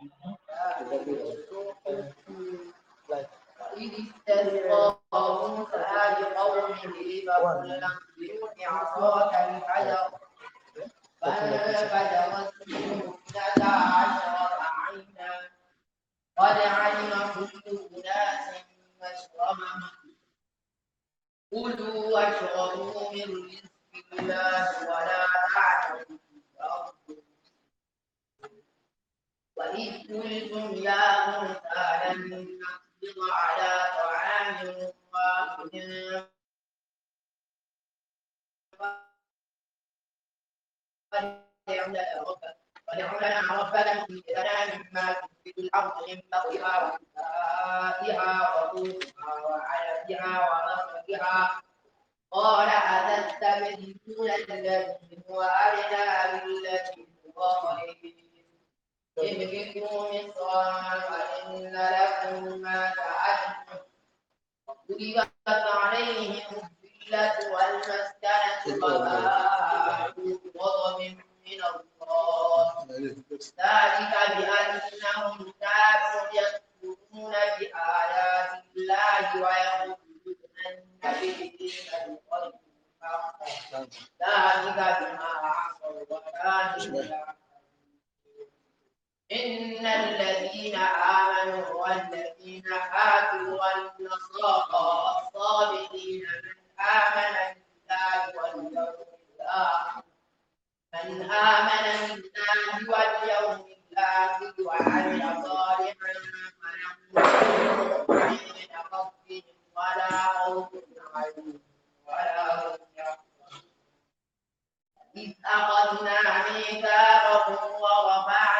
إذ استسقى موسى لقومه فقل انبئوني عصاك الحجر فانفجرت منه اثنتا عشرة عينا قد علم كل أناس مشربهم كلوا واشربوا من رزق الله ولا تعتدوا وإذ قلتم يا موسى لن نقبض على طعام واحد ودع لنا ربك يخرج لنا مما تنبت الأرض من بقرها وكفائها وطوفها وعلفها ورفقها قال أتستبدلون الذي هو أدنى بالذي هو خير ابتغوا مصرا فإن لكم ما سألتم ضربت عليهم الذلة والمسكنة وباءوا بغضب من الله ذلك بأنهم كانوا يكفرون بآيات الله ويقولون النبيين بغير الحق ذلك بما عصوا وكانوا يعلمون إن الذين آمنوا والذين هادوا والنصارى الصالحين من آمن بالله واليوم الآخر من آمن بالله واليوم الآخر وعمل صالحا فلهم من ربهم ولا خوف عليهم ولا هم يحزنون إذ أخذنا ميثاقهم ورفعنا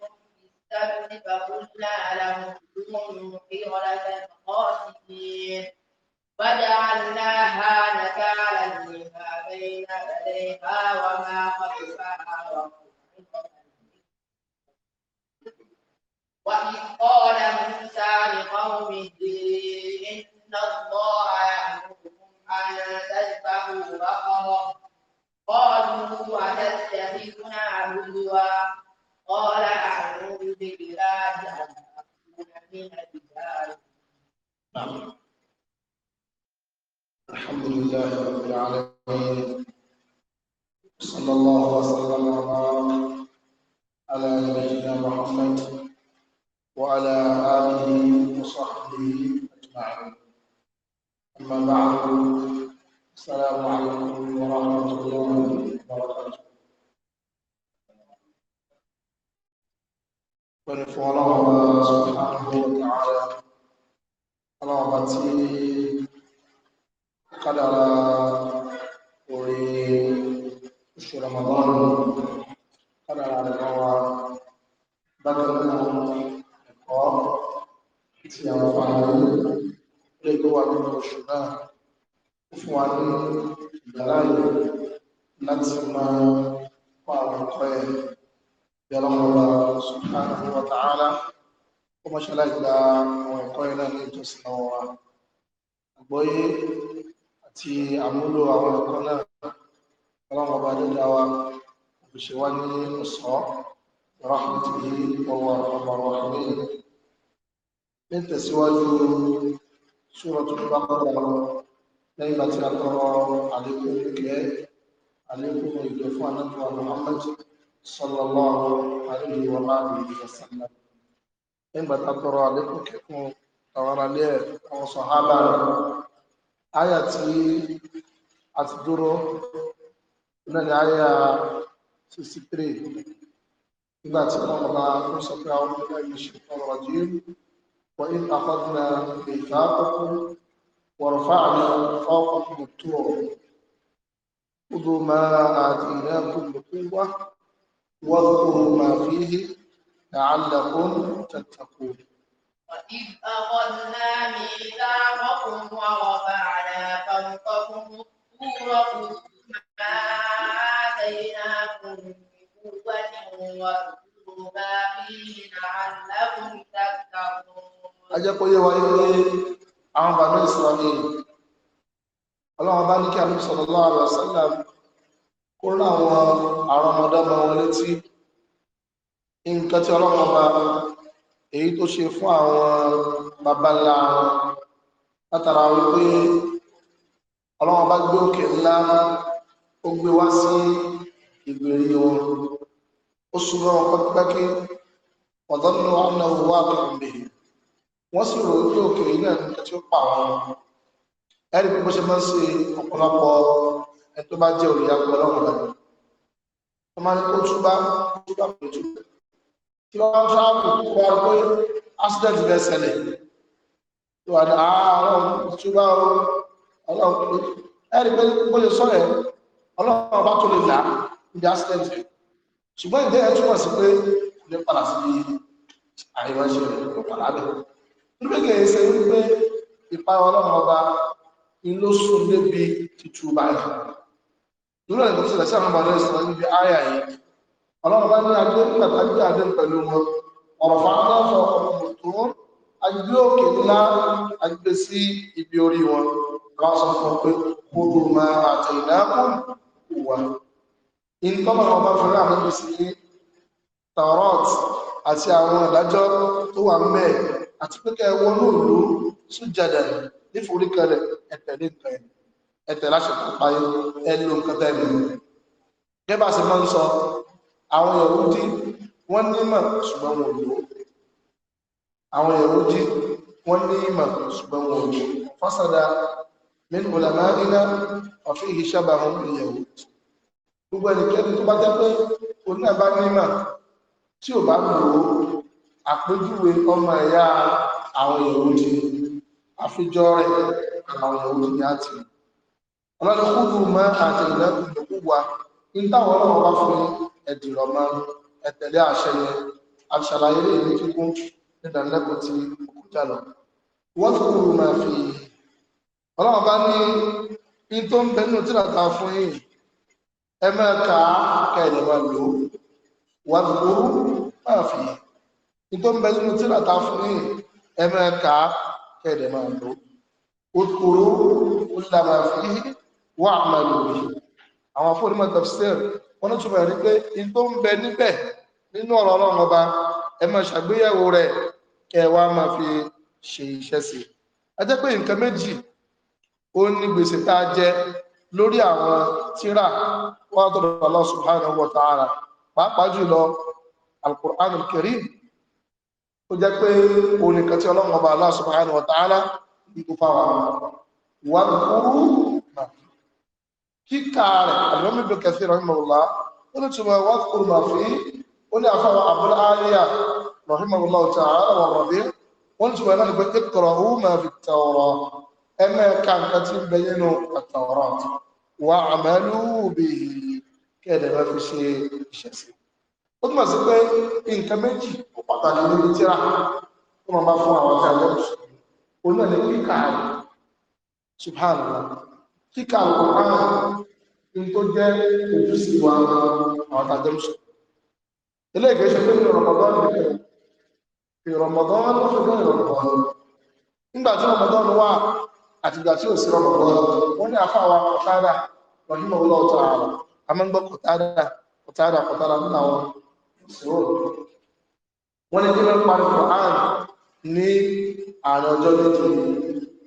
السبت فقلنا لهم كلوا حيرة خاسئين وجعلناها نكالا لما بين يديها وما خلفها وإذ قال موسى لقومه إن الله يأمركم أن تذبحوا بقرة قالوا أتتخذنا هزوا قال أعوذ بالله أن أكون من الجاهلين نعم. الحمد لله رب العالمين صلى الله وسلم وبارك على نبينا محمد وعلى آله وصحبه أجمعين أما بعد السلام عليكم ورحمة الله وبركاته pẹ̀lú fún ọlọ́ọ̀bá subhanahu wa ta'ala ọlọ́ọ̀bá tí kádàrá orí oṣù Ramadan kádàrá àdìgbọ́wà bákan náà ẹ̀kọ́ tí àwọn fàáyé lè tó wà nínú oṣù náà fún wa ní ìgbàláyè láti máa pa àwọn ọkọ ẹ̀ yọlọ́mọba subhanahu wa ta'ala ó mọ́ṣálá ìgbà àwọn ẹ̀kọ́ iná ní ìjọsìn àwọn wa àgbọ́yé àti àmúlò àwọn ẹ̀kọ́ náà yọlọ́mọba dídá wa òṣìṣẹ́ wa ní ọ̀sọ́ rahmatihi ọwọ́ ọmọọmọ ní ní tẹ̀síwájú súnrọ̀ tó bá kọ́ lẹ́yìn láti akọ́rọ̀ àlékún ìkẹ́ àlékún ìjọ fún anábọ̀ Muhammad صلى الله عليه وآله وسلم إن ترى لكم ترى لي أو صحابة آياتي أتدرو إن الآية 63 إذا تقرأ فسقى بالله من الشيطان الرجيم وإن أخذنا ميثاقكم ورفعنا فوقكم الطور خذوا ما آتيناكم بقوة واذكروا ما فيه لعلكم تتقون وإذ أخذنا ميثاقكم ورفعنا فوقكم الطور خذوا ما آتيناكم بقوة واذكروا ما فيه لعلكم تتقون ajẹ́pọ̀ yẹ wáyé pé àwọn bàbá ìsìlámù ọlọ́run bá ní kí àlùfẹ́ sọ̀rọ̀ lọ́wọ́ kó rán àwọn àrọmọdọ́mọ wọn létí nǹkan tí ọlọ́run ọba èyí tó ṣe fún àwọn babalá látara wípé ọlọ́run ọba gbé òkè ńlá ó gbé wá sí ìgbèrí wọn ó súnmọ́ wọn pẹ́kípẹ́kí ọ̀dọ́nù ọ̀nà òwò àtọ̀gbè wọ́n sì rò wípé òkè yìí náà nǹkan tí ó pa àwọn ẹ̀rí bí wọ́n ṣe máa ń ṣe ọ̀pọ̀lọpọ̀ ẹ tó bá jẹ́ olùyàpọ̀ ọlọ́run láti wọ́n máa ní kó túbá túbá kò jù kí wọ́n máa ń sáàpù kó wá pé accident fẹ́ ṣẹlẹ̀ tó wà ní àárọ̀ ah, túbá ọlọ́run tó ẹ̀rí pé bó lè sọ̀rọ̀ ẹ̀ ọlọ́run bá tó lè là níbi accident rẹ̀ ṣùgbọ́n ìdí ẹ̀ túmọ̀ sí pé kò lè padà sí àríwá rẹ̀ kò padà bẹ̀ nígbà kìí ṣe wípé ìpa ọlọ́run ọba ni ló sùn débi títúbà yìí nílò ìlú sílẹ̀ sí àwọn bàdé ìsìnkú níbi àyà yìí ọlọ́run bá ní adé nígbà tàbí adé pẹ̀lú wọn ọ̀rọ̀ fàánà fọ ọmọ tó agbé òkè ńlá agbé sí ibi orí wọn wọn sọ fún pé kó tó máa àtẹ ìdákùn wà ìtọ́nà ọba fún àwọn ibi sí tarot àti àwọn ìdájọ́ tó wà mẹ́ àti pé kẹ́ wọnú ìlú sójàdà níforíkalẹ̀ ẹ̀tẹ̀lé nǹkan ẹ̀ ẹ̀tẹ̀ láṣẹ pàpáyé ẹlò nǹkan tẹ́lẹ̀ gẹ́bà sí mọ́ ń sọ àwọn Yẹhudi wọ́n ní ìmọ̀ ṣùgbọ́n wọn lò àwọn Yẹhudi wọ́n ní ìmọ̀ ṣùgbọ́n wọn lò fásada min ulama'ina ọ̀fí ìṣàbà wọn ní Yẹhudi gbogbo ẹnikẹ́ni tó bá jẹ́ pé onílẹ̀ bá ní ìmọ̀ tí ò bá lò ó àpéjúwe ọmọ ẹ̀yà àwọn Yẹhudi àfijọ́ rẹ̀ àwọn Yẹhudi ní àtìmọ́ ọlọ́dọ̀kúrú mọ́ àtẹ̀lẹ́kùn ìdókúwa ní táwọn ọlọ́wọ́ bá fún ẹ̀dìrọ̀ mọ́ ẹ̀tẹ̀lé àṣẹ ni àṣàlàyé lè ní kíkún nídàlẹ́kùn ti òkúta lọ wọ́n tó kúrú máa fi ọlọ́wọ́ bá ní in tó ń bẹ nínú tí làtà fún yìí ẹ máa kà á kẹ́lẹ̀ wà lò wọ́n tó kúrú máa fi in tó ń bẹ nínú tí làtà fún yìí ẹ máa kà á kẹ́lẹ̀ máa lò ó kúrú ó lábàá fi yìí wọ́n àmàlò bí àwọn fún onímọ̀ tafsir wọ́n ní túnbọ̀ rí pé in tó ń bẹ níbẹ̀ nínú ọ̀rọ̀ ọlọ́run ọba ẹ máa ṣàgbéyẹ̀wò rẹ̀ kẹ́ ẹ wá máa fi ṣe iṣẹ́ sí i ẹ jẹ́ pé nǹkan méjì ó ní gbèsè tá a jẹ lórí àwọn tírà wọn tó bàbá Allah subhanahu wa ta'ala pàápàá jùlọ al-Qur'an al-Karim ó jẹ́ pé òun nìkan tí ọlọ́run ọba Allah subhanahu wa ta'ala ní kó fáwọn wọn kúrú kíkà rẹ̀ àdìmọ́mí bẹ̀rẹ̀ kẹsí rahimahulá ó ní túnmọ̀ wá kúrò máa fi ó ní àfáwà abúlé àríyá rahimahulá ọ̀tá àwọn ọ̀rọ̀bí ó ní túnmọ̀ náà pé kíkọ̀rọ̀ ó máa fi tàwọ̀rọ̀ ẹmẹ́ kàǹkà tí ń bẹ nínú àtàwọ̀rọ̀ wà àmàlú bí kẹ́ẹ̀dẹ̀ máa fi ṣe iṣẹ́ sí ó túnmọ̀ sí pé nǹkan méjì kíkà Al-Qur'an ní tó jẹ́ ojú sí wa àwọn tàjẹ́mùsùn ilé ìgbésẹ̀ pé ní Ramadan nìkan ìrọ̀mọ̀dán ló fi gbọ́ ìrọ̀mọ̀dán nígbà tí Ramadan wà àti ìgbà tí ò sí Ramadan wọ́n ní àfáwà Qatada rahim Allah ta'ala a máa ń gbọ́ Qatada Qatada Qatada nínú àwọn ìṣòro wọ́n ní kí ló ń parí Qur'an ní àárín ọjọ́ méjì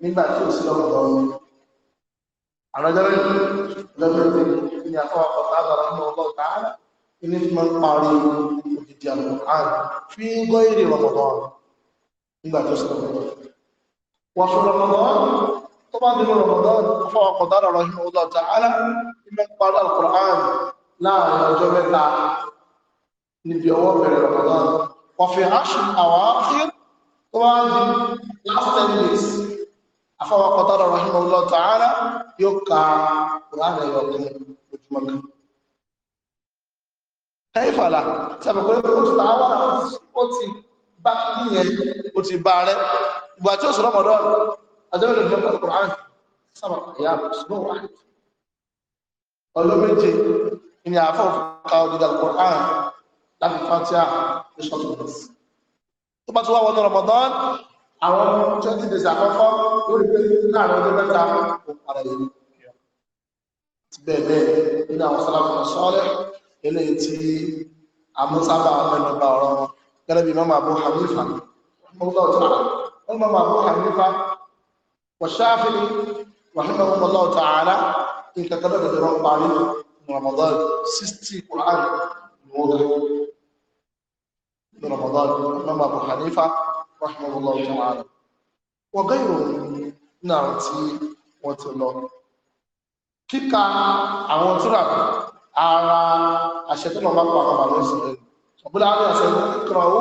nígbà tí ò sí Ramadan àrọ́jọ́rẹ́ lọ́jọ́rẹ́ ní àfọwọ́ ọ̀tàbà ọmọ ọlọ́ọ̀tààrà ilé tí máa ń parí òdìdí àlùkùránì fi ń gọ́ èrè rọmọdán nígbà tó sọ rọmọdán wọ́n fún rọmọdán tó bá dínú rọmọdán àfọwọ́ ọ̀tàbà ọmọ ọlọ́ọ̀tààrà ilé ń parí àlùkùránì láàrin ọjọ́ mẹ́ta níbi ọwọ́ last ten days afọwọ́ kọtọ́rọ̀ rahimahullah ta'ala yóò ka kùránì ẹ̀yọ̀ ọ̀gbìn ojúmọ́ kan. ẹ̀fàlà sẹ́mi pé ó ti ta wà ó ti bá nìyẹn ó ti bá rẹ ìgbà tí ó sọ̀rọ̀ mọ̀dọ́ àdéhùn ìjọba kan kùránì sábà ìyá sùnú wà. ọlọ́méje ni àfọ̀ ka ògidà kùránì láti fàtíà ní sọ́tún tó bá ti wá wọnú Ramadan àwọn twenty days àkọ́kọ́ lórí pé láàrin ọdún mẹ́ta kò para yìí bẹ́ẹ̀ bẹ́ẹ̀ nínú àwọn sálàfin sọ́ọ́lẹ̀ eléyìí tí àmúsábà mẹ́nubà ọ̀rọ̀ wọn gẹ́gẹ́ bí mọ́mọ́ Abu Hanifa mọ́mọ́ ọ̀tàrà wọ́n mọ́mọ́ Abu Hanifa wọ̀ṣáfìlì wàhánà wọn lọ́wọ́ tààrà nǹkan kan lọ́dọ̀ lọ́wọ́ parí Ramadan sixty Quran ni wọ́n rẹ̀ Ramadan mọ́mọ́ Abu Hanifa rahimahullah ta'ala wọ́n gẹ́ ìròyìn ní àwọn tí wọ́n ti lọ kíka àwọn tíra ara àṣẹtọ́nà bá pa àwọn bàbá ìṣẹ̀lẹ̀ ọ̀bùdá àwọn àṣẹ kíkọrọ owó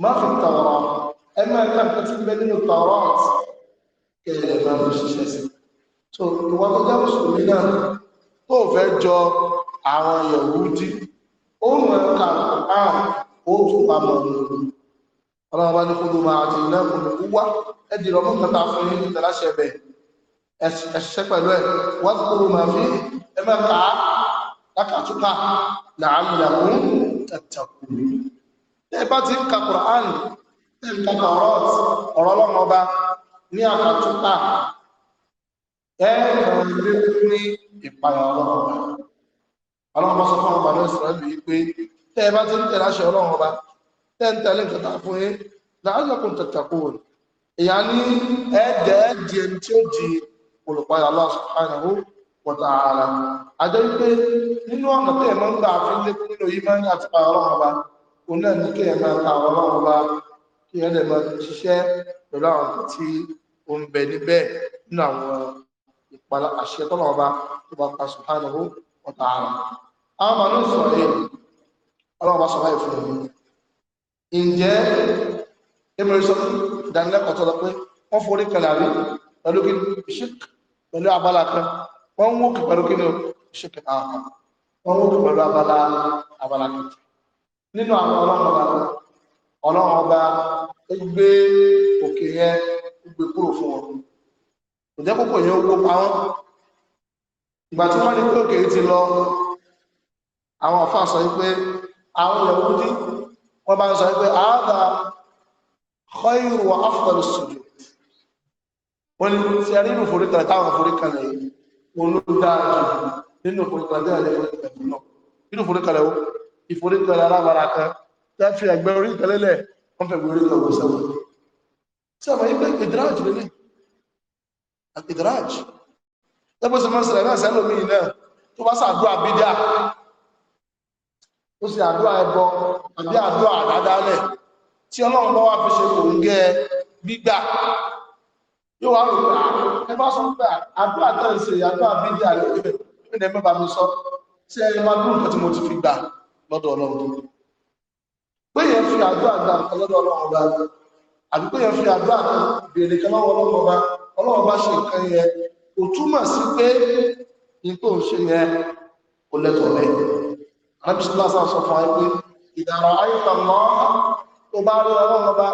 má fi tọrọ ẹmọ ẹ̀ka tí bẹ nínú tọrọ kẹlẹ̀ máa fi ṣiṣẹ́ sí so ìwà tó jẹ́ mùsùlùmí náà tó fẹ́ jọ àwọn Yẹ̀húdí ó mọ̀ ẹ̀ka àrùn ó tún pa mọ̀ nínú ọlọ́run bá ní kó ló máa àti iná kò ní kú wá ẹ dìrọ̀ mú nǹkan ta fún yín níta láṣẹ ẹbẹ ẹṣẹ pẹ̀lú ẹ wá sí kó ló máa fi ẹ máa kà á lákàtúkà làálùyàwó tàtàkù ẹ bá ti ń ka Qur'an ẹ ń ka ọ̀rọ̀ ọ̀rọ̀ ọlọ́run ọba ní àkàtúkà ẹ kàn ní ìpayà ọlọ́run ọba tẹ́ntẹ́lẹ́ nǹkan tàà fún yín láàrínlẹ́kùn tẹ̀tẹ̀kùn ìyá ní ẹ̀ẹ́dẹ̀ ẹ̀dì ẹni tí ó di olùpayà Allah subhanahu wa ta'ala ajẹ́ wípé nínú ọ̀nà tí ẹ̀mọ́ ń gbà fi lékún nínú yìí máa ń yà ti pa ọlọ́run ọba kò náà ní kí ẹ̀mọ́ ta ọlọ́run ọba kí ẹ̀ lè máa ṣiṣẹ́ pẹ̀lú àwọn nǹkan tí ó ń bẹ níbẹ̀ nínú àwọn ìpalà àṣẹ tọ́lọ̀ ọba tó bá pa subhanahu wa ta'ala àwọn màá ń sọ̀rọ̀ yìí ọlọ́run ọba sọ̀rọ̀ yìí fún mi ǹjẹ́ emir sọ ìdánilẹ́kọ̀ọ́ tọ́lọ pé wọ́n forí kalẹ̀ pẹ̀lú kí ṣík pẹ̀lú abala kan wọ́n ń wókè pẹ̀lú kí ní ṣík àwọn wọ́n wókè pẹ̀lú abala abala kan nínú àwọn ọlọ́run ọba ọlọ́run ọba ó gbé òkè yẹn ó gbé kúrò fún wọn kò jẹ́ púpọ̀ yẹn wọ́n bá ń sọ pé àádá khayru wa afdalus sujud wọ́n ni tí a nínú foríkàlẹ̀ táwọn foríkàlẹ̀ yìí wọ́n ló dáa jù nínú foríkàlẹ̀ tí a lè foríkàlẹ̀ náà nínú foríkàlẹ̀ yìí pé ó sì àdúrà ẹbọ àbí àdúrà àdádálẹ̀ tí ọlọ́run bá wá fi ṣe kò ń gẹ gbígbà yóò wá rò pé ẹ bá sọ pé àdúrà tó ń ṣe àdúrà bídí àlẹ́ ìpínlẹ̀ mẹ́bàá mi sọ tí ẹ máa dúró nǹkan tí mo ti fi gbà lọ́dọ̀ ọlọ́run tó pé yẹn fi àdúrà gbà nǹkan lọ́dọ̀ ọlọ́run bá àbí pé yẹn fi àdúrà béèrè kan lọ́wọ́ ọlọ́run bá ọlọ́run bá ṣe nǹkan yẹn kò túmọ̀ sí pé nǹkan ò ṣe yẹn kò lẹ́tọ̀ọ́ lẹ́yìn alábìsílá sọ fún wa pé ìdàrọ àyíká mọ tó bá rí Ọlọ́run ọba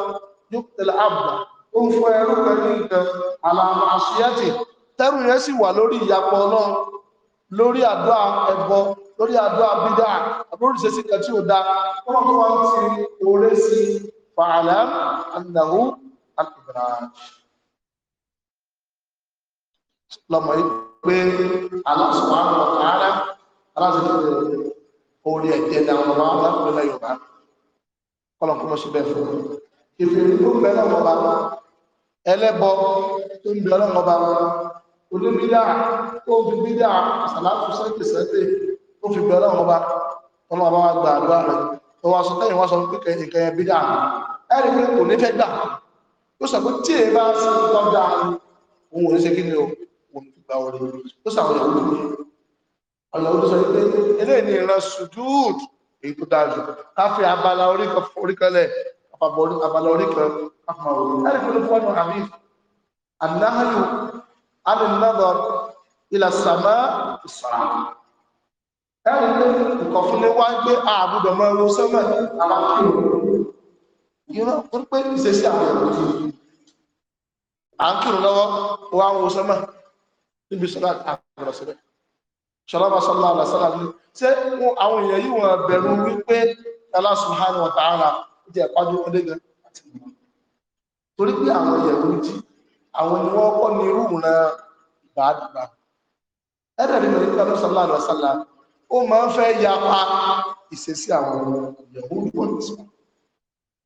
yóò tẹlẹ àbùdá ó ń fún ẹrú pẹ̀lú nǹkan àlàmà àṣíyàtì tẹrù yẹn sì wà lórí ìyapọ̀ Ọlọ́run lórí àdúrà ẹbọ lórí àdúrà bídà àbúrúṣe sí kan tí ó dá wọn tó wọn ti oore sí fàálà annahu al-idraj lọmọ yìí àwọn ọ̀tá ara aláṣọ ìgbèrè orí ẹ̀jẹ̀ ni àwọn ọmọ aláàbò náà yorùbá kọlọ̀kọ́ mọ́ sí bẹ́ẹ̀ fún mi ìfèrè tó ń bẹ lọ́wọ́ bá ẹlẹ́bọ tó ń bẹ lọ́wọ́ bá oníbídà tó ń fi bídà àsàlátù sẹ́tì sẹ́tì tó fi bẹ lọ́wọ́ bá ọlọ́wọ́ bá wá gba àdúrà rẹ̀ tó wá sọ tẹ́yìn wá sọ pé nǹkan yẹn bídà ẹ̀rí ó sọ tí èèyàn bá sí tọ́ da òun ò ṣe kí ni o òun ti gba orí ó sàwọn ìwúlò ọ̀nà olùsọ pé eléyìí ni ìran sùdúùd èyí tó káfí abala oríkẹlẹ̀ àpapọ̀ abala oríkẹlẹ̀ àpapọ̀ oríkẹlẹ̀ ẹ̀rí pẹ̀lú àmì ànáhàlù alìnàdọ̀ ilà sàmà ìsàrà ẹ̀rí pé nǹkan fún ní wá gbé àbúdọ̀ mọ́ ẹrú sẹ́mẹ̀ àwọn ìran pé ìṣesí àwọn ẹ̀rọ à ń kírun lọ́wọ́ wọ́n á wo sẹ́mẹ̀ níbi sọ́dọ̀ àkàrọ̀ sílẹ̀ ṣọlọ́bà sọ́lá àlàsọ́lá ní ṣé àwọn èèyàn yìí wọ́n bẹ̀rù wípé Allah subhanahu wa ta'ala jẹ́ ìpájú ọdẹ gan àti ìgbà torí pé àwọn èèyàn jí àwọn ni wọ́n kọ́ ní irú ìran ìbáàdìbà ẹ̀rẹ̀ rí mẹ́rin pẹ̀lú sọ́lá àlàsọ́lá ó máa ń fẹ́ yapa ìṣesí àwọn ìyàwó ìwọ̀ nìṣọ́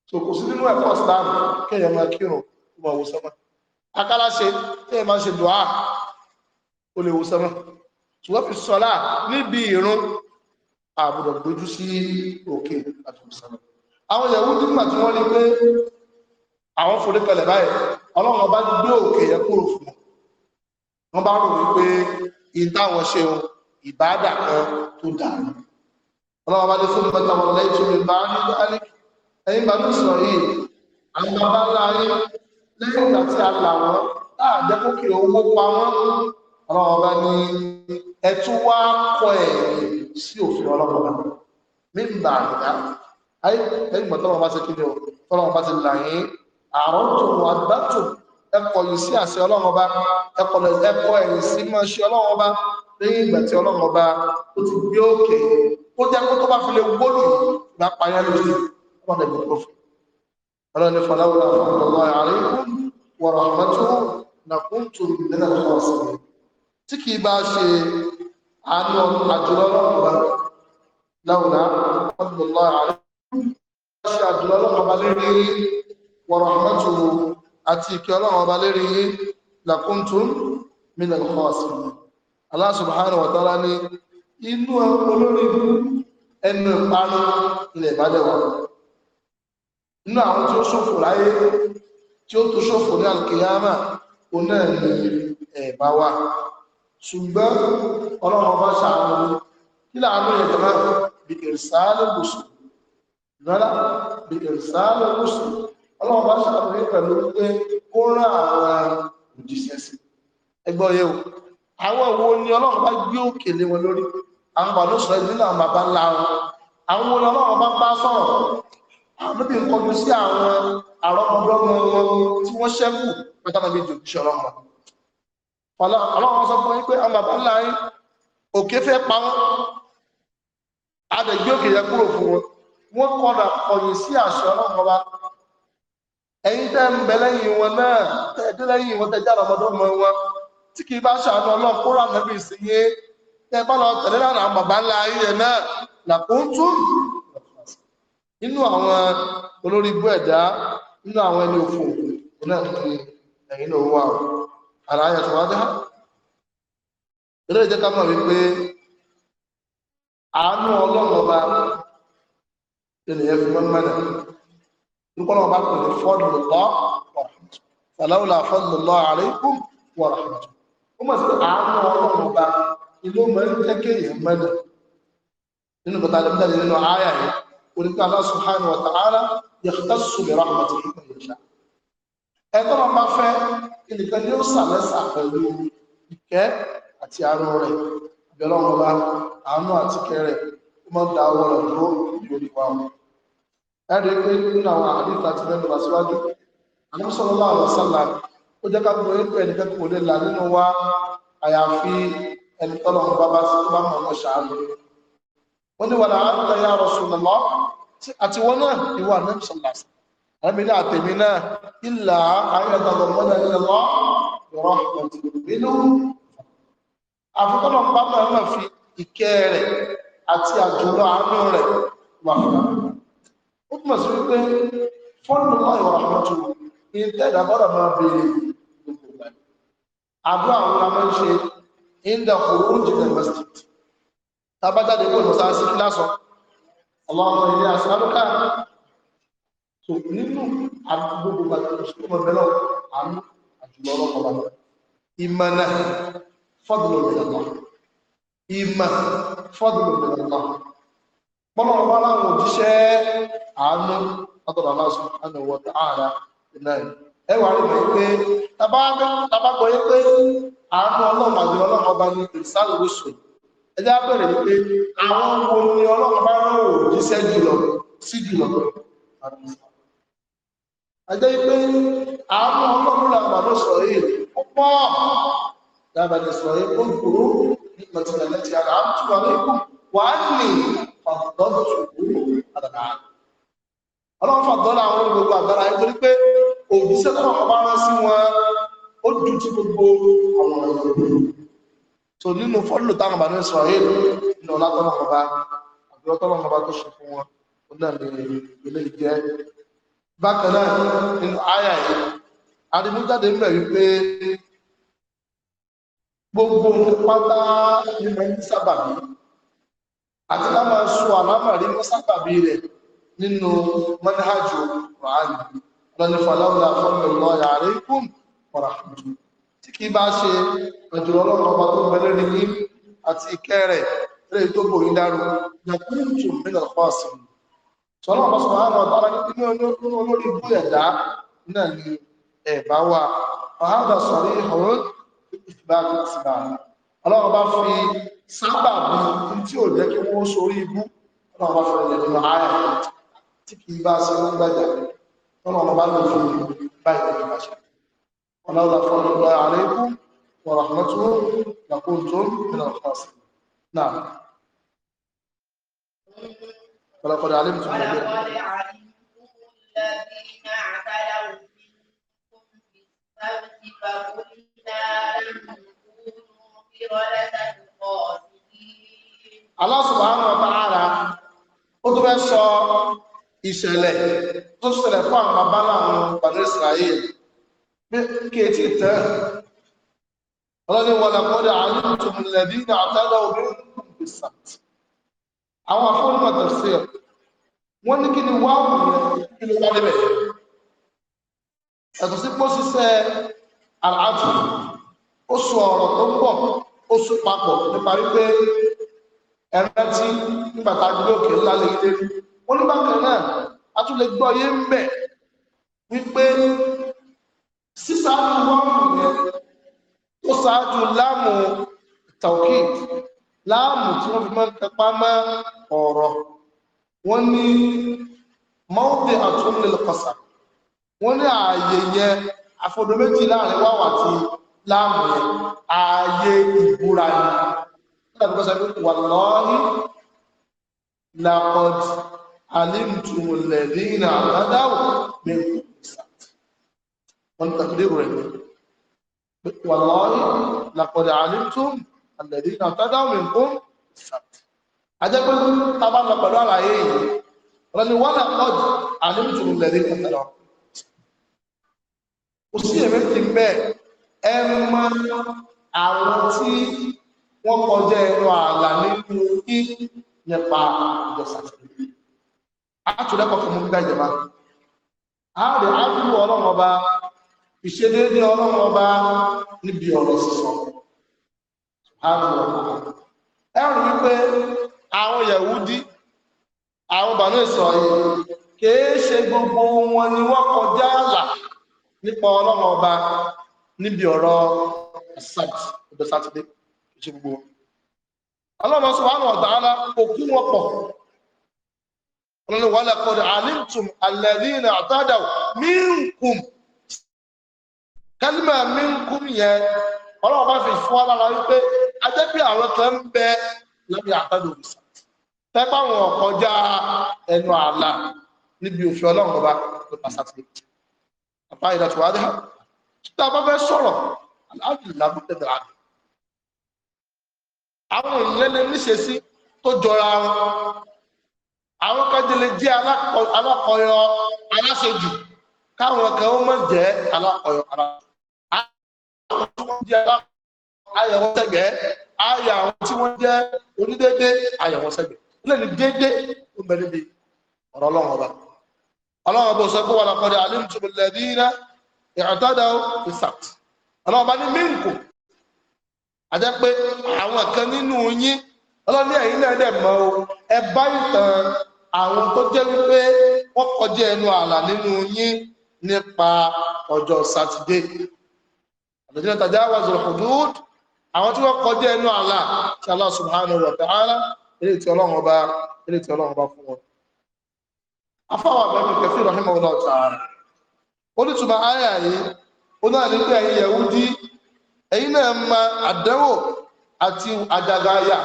so kò sí nínú ẹ̀kọ́ Islam kéèyàn máa kírun ó máa wo sọ́mọ́ akálàṣe kéèyàn máa ṣe dùá ó lè ṣùgbọ́n fi sọ́lá níbi ìrún àbúrò dojú sí òkè àtúnṣàlọ́ àwọn ìyàwó dìgbà tí wọ́n rí pé àwọn forí kalẹ̀ báyìí ọlọ́run ọba gbé òkè yẹn kúrò fún wọn wọ́n bá rò wípé ìtàwọn ṣe ìbáàdà kan tó dànù ọlọ́run ọba dé fún mẹ́ta wọn lẹ́yìn tó lè bá ní báyìí ẹ̀yìn bá tó sọ yìí àwọn bàbá ńlá yín lẹ́yìn ìgbà tí a là wọ́n láàjẹ́kókè owó pa wọ́n ọlọ́run ọba ní ẹ̀tún wá kọ ẹ̀yìn sí òfin ọlọ́pàá mímbà àgbà ayé ẹgbẹ̀ tọ́lọ́wọ́ bá ti kíni o tọ́lọ́wọ́ bá ti làyín àrùn tó wà dátò ẹkọ̀ yìí sí àṣẹ ọlọ́wọ́ ẹkọ̀ ẹ̀yìn sí máa ṣe ọlọ́wọ́ lẹ́yìn ìgbà tí ọlọ́wọ́ ó ti gbé òkè ó jẹ́ kó tó bá fi lè gbólù ìgbà payá lójú wọn lè gbogbo fún ọlọ́ni fọláwọ́lá fún ọlọ́wọ́ àríkún wọ̀rọ̀ àmọ́tò nàkúntù nílẹ̀ tó wọ́n sí tí kìí bá ṣe àánú àjùlọ lọ́wọ́ lọ́wọ́lá ọdúnlọ́ àárẹ̀ ṣe àjùlọ lọ́wọ́ ọba lérí wọ̀rọ̀ àmọ́tò àti ìkẹ́ ọlọ́wọ́ ọba lérí làkúntún mílẹ̀ ọkọ̀ ọ̀sìn Allah subhanahu wa ta'ala ní inú olórí ẹnu ìpanu ilẹ̀ ìbádẹ́wà inú àwọn tí ó ṣòfò láyé tí ó tó ṣòfò ní alkiyama onáà ní ẹ̀bá wa ṣùgbọ́n ọlọ́run bá ṣàánú kí láàánú ẹ̀jọ̀ náà bí ìrìsáàlẹ̀ gùsù lọ́lá bí ìrìsáàlẹ̀ gùsù ọlọ́run bá ṣàánú ní pẹ̀lú wípé kó rán àwọn òjíṣẹ́ sí ẹgbọ́ yẹ o àwọn wo ni ọlọ́run bá gbé òkè lé wọn lórí àwọn bàbá sọ ẹbí náà bàbá ńlá wọn àwọn wo ni ọlọ́run bá bá sọ̀rọ̀ àwọn níbi ń kọjú sí àwọn àrọ́mọdọ́mọ wọn tí wọ́n ṣẹ́kù pẹ́tàmọ́bí jòkúṣọ́ ọlọ́run ọlọ́run sọ fún yín pé ńlá yín òkè fẹ́ pa wọ́n adẹ̀gbé òkè yẹn kúrò fún wọn wọ́n kọ́dà kọ̀yìn sí àṣẹ ọlọ́run ọba ẹ̀yin tẹ́ ń bẹ lẹ́yìn wọn náà tẹ́ lẹ́yìn wọn tẹ́ lọ́mọdé ọmọ wọn tí kì í bá ṣàánú ọlọ́run tẹ́ bá lọ tẹ̀lé lánàá ńlá yín yẹn náà àwọn olórí ẹ̀dá àlàyé tó wájú ha eré ìjẹ́ ká mọ̀ wípé àánú ọlọ́run ọba ènìyàn fi mọ́n mẹ́lẹ̀ nípa ọba kò ní fọ́dù lọ́ fàlàwùlà fọ́dù lọ́ àríkùn wọ̀rọ̀ ó mọ̀ sí pé àánú ọlọ́run ọba ìlú mọ̀ ń jẹ́ kéèyàn mẹ́lẹ̀ nínú bàtà lẹ́mítàlẹ́ nínú ẹ̀tọ́ ma bá fẹ́ ìlìkan ni ó sàmẹ́sà pẹ̀lú ìkẹ́ àti àánú rẹ̀ ìbẹ̀lọ́mọba àánú àti kẹrẹ̀ ó mọ́ da ọwọ́ rẹ̀ dúró lórí wa wọn ẹ̀rí pé nínú àwọn àdífà ti lẹ́nu wá síwájú àdúgbòsọ́lọ́lá àwọn sálà ó jẹ́ ká gbọ́ pé ẹnìkan kò lè là nínú wa àyàfi ẹni tọ́lọ́mọ bá bá sí bá mọ̀ ọ́ ṣàánú wọ́n ní wàlá àdúgbò yà rọ̀ sùn lọ́ àti wọn náà ìwà àdúgbòsọ́lá sí àmìlà àtẹ̀mí náà ìlà ayẹ́tàlọ̀ mọ́nà ilẹ̀ lọ ìrọ̀ nínú àfikọ́nà pápá náà fi ìkẹ́ rẹ̀ àti àjùlọ àánú rẹ̀ wà fún ó túnmọ̀ sí wípé fọ́nù lọ ìwà àmọ́tò ní tẹ́ẹ̀dà bọ́dọ̀ máa bèèrè gbogbo ìgbà àdúrà àwọn ọmọ ń ṣe ìndà kòrò jìnà masjid tàbájáde kó ìmọ̀sáàsì lásán ọlọ́run ilé àṣálùkà so nínú gbogbo àtúnṣe mẹ́lọ́ àánú àjùlọ ọlọ́pàá ìmọ̀nà fọ́dùlọ̀ mẹ́lọ́pàá ìmọ̀ fọ́dùlọ̀ mẹ́lọ́pàá pọ́nà ọba láwọn òjíṣẹ́ àánú látọ̀dọ̀ aláṣọ àánú wọ tààrà iná ẹ wà rí bẹ́ẹ̀ pé tabagbọ́ yẹ pé àánú ọlọ́pàá àjùlọ ọlọ́pàá ní ìsàlùwòsù ẹjá bẹ̀rẹ̀ wípé àwọn wo ni ọlọ́pàá rán òjíṣẹ́ jùlọ sí jùlọ àdùnsá ajẹ́ pé àánú ọlọ́run làgbà ló sọ yìí ọ̀pọ̀ làgbà lè sọ yìí ó dúró ní pẹ̀tìlẹ̀ lẹ́tì àgbà á tún wà lẹ́kùn wà á lè fàdọ́dọ̀ tòkúrò àdàdà ọlọ́run fàdọ́dọ̀ àwọn gbogbo àgbàrá yìí torí pé òjíṣẹ́ náà ọba rán sí wọn ó dùn tí gbogbo àwọn ọ̀rọ̀ ìgbòho tó nínú fọ́lù táwọn àbá ní sọ yìí nínú ọlá tọ́lọ́ ọba àbí ọtọ́lọ́ ọba tó ṣe fún wọn ó náà bákan náà nínú àyà yìí arimújáde ń bẹ̀ wípé gbogbo pátá nílẹ̀ ní sábàbí àti ká máa sọ àlámàrí mọ́ sábàbí rẹ̀ nínú manhajú ràánì lọ́nà fàlọ́lá fọ́nlọ́lọ́ yàrí kún ọ̀rà jù tí kìí bá ṣe ẹ̀jù ọlọ́run tó bẹ̀rẹ̀ ní àti ìkẹ́ rẹ̀ lè tó gbòyìn dárò yàtúntù nílẹ̀ fọ́ọ̀sì sọ́nà ọmọ sọ̀rọ̀ àwọn ọ̀tọ́ inú olórí ibú ẹ̀dá náà ni ẹ̀bá wa ọ̀hádà sọ̀rọ̀ ìhọ̀rọ̀ ìgbàgbé ti bà ọlọ́run bá fi sábà bí tí ò jẹ́ kí wọ́n sórí ibú ọlọ́run bá fẹ́rẹ̀ nínú ààrẹ tí kì í bá sí ní gbàjà ọlọ́run bá lè fi báyìí ní ìbáṣẹ ọlọ́run fọ́ nípa ààrẹ ikú wọ̀n rahmatu lakóńtó nínú ọ̀pọ̀ sí náà ولقد علمتم ولقد علمتم الذين اعتدوا منكم في السبت فقلنا لهم كونوا قردة خاسئين الله سبحانه وتعالى ó tún fẹ́ sọ ìṣẹ̀lẹ̀ tó ṣẹlẹ̀ fún àwọn bàbá láwọn pẹ̀lú Israel pé kéètì tẹ́ ọlọ́ni wọlé kọ́dà àyùntùmùlẹ̀dínà àtàdà obìnrin kùn bí sàtì àwọn afọ́nìmọ̀ tafsir wọ́n ní kí ni wá òun kí ló wọlé bẹ̀ ẹ̀tọ́ sí pọ́ ṣiṣẹ́ àlàáfù ó sọ ọ̀rọ̀ tó ń bọ̀ ó sọ papọ̀ nípa wípé ẹ̀rẹ́ tí nígbàtà gbé òkè ńlá lè dé wọ́n náà a tún lè gbọ́ yé ń bẹ̀ wípé sísáájú wọ́n yẹn ó ṣáájú láàmú tawkid láàmù tí wọ́n fi máa ń tẹpá mọ́ ọ̀rọ̀ wọ́n ní mọ́ọ̀dẹ̀ àtúnlẹ̀ kọsà wọ́n ní ààyè yẹn àfọdọ méjì láàrin wáwà àti láàmù yẹn ààyè ìbúra ni nígbà tó sọ pé wà lọ́ọ́rí làkọ̀d àlìmùtùmùlẹ̀ lẹ́yìn àbádáwò mẹ́rin wọ́n tàbí rẹ̀ wà lọ́ọ́rí làkọ̀d àlìmùtùmùlẹ̀ àlẹ́dí náà tọ́jú àwọn nǹkan sàt. ajẹ́ pé tá a bá lọ pẹ̀lú àlàyé yìí ọ̀rọ̀ ni wọ́n náà ọ̀dù àníbùtùrù lẹ́dí kẹtẹ̀rọ. kò sí èrè ti bẹ́ẹ̀ ẹ mọ àwọn tí wọ́n kọjá ẹnu ààlà nínú kí nípa fún ọlọ́run ọba ìṣedéédé ọlọ́run ọba níbi ọ̀rọ̀ sísọ ẹ̀rù wípé àwọn Yẹ̀húdí àwọn bàánú ìsọ̀ yìí kìí ṣe gbogbo wọn ni dị kọjá àlà nípa ọba níbi ọ̀rọ̀ ọjọ́ sátidé gbogbo ọlọ́run subhanahu wa ta'ala òkú wọn pọ̀ ọlọ́run wa alimtum alladhina i'tadaw minkum minkum bá fi fún ajẹ́ pé àwọn kan ń bẹ lọ́bí àtàlórí tẹ́pá wọn kọjá ẹnu ààlà níbi òfin ọlọ́run ọba tó bá sátidé àpá ìdàtò wájú hàn títà bá fẹ́ sọ̀rọ̀ aláàbìlá ló tẹ̀lé àgbẹ̀ àwọn ìlẹ́ni níṣe sí tó jọra wọn àwọn kan jẹ́ lè jẹ́ alákọ̀ọ́yọ aláṣejù káwọn kan ó mọ̀ jẹ́ alákọ̀ọ́yọ aláṣejù àwọn kan jẹ́ alákọ̀ọ́yọ ayẹ̀wọ́ sẹ́gbẹ́ ayẹ̀ àwọn tí wọ́n jẹ́ onídéédé ayẹ̀wọ́ sẹ́gbẹ́ lẹ́ni déédé ó mẹ́rin bí ọ̀rọ̀ ọlọ́run ọba ọlọ́run ọba sọ pé wà lápọ̀dé alimtubulẹ̀dínà ìrọ̀tọ́dọ̀ ìsàt ọlọ́run ọba ní mínkù àjẹ́ pé àwọn kan nínú yín ọlọ́ni ẹ̀yìn náà dẹ̀ mọ́ o ẹ bá ìtàn àwọn tó jẹ́ wípé wọ́n kọjá ẹnu ààlà nínú yín nípa ọjọ́ sátidé àdójúlẹ̀ tajáwàzù hudud àwọn tí wọ́n kọjá ẹnu àlà tí Allah subhanahu wa ta'ala ilé tí ọlọ́run ọba ilé tí ọlọ́run ọba fún wọn afáwọn àbẹ̀mí kẹfì rahimah ọlọ́ ta'ala olùtùmọ̀ ayà yìí ó náà ní pé ẹ̀yin Yahudi ẹ̀yin náà ma àdánwò àti àjàgáyà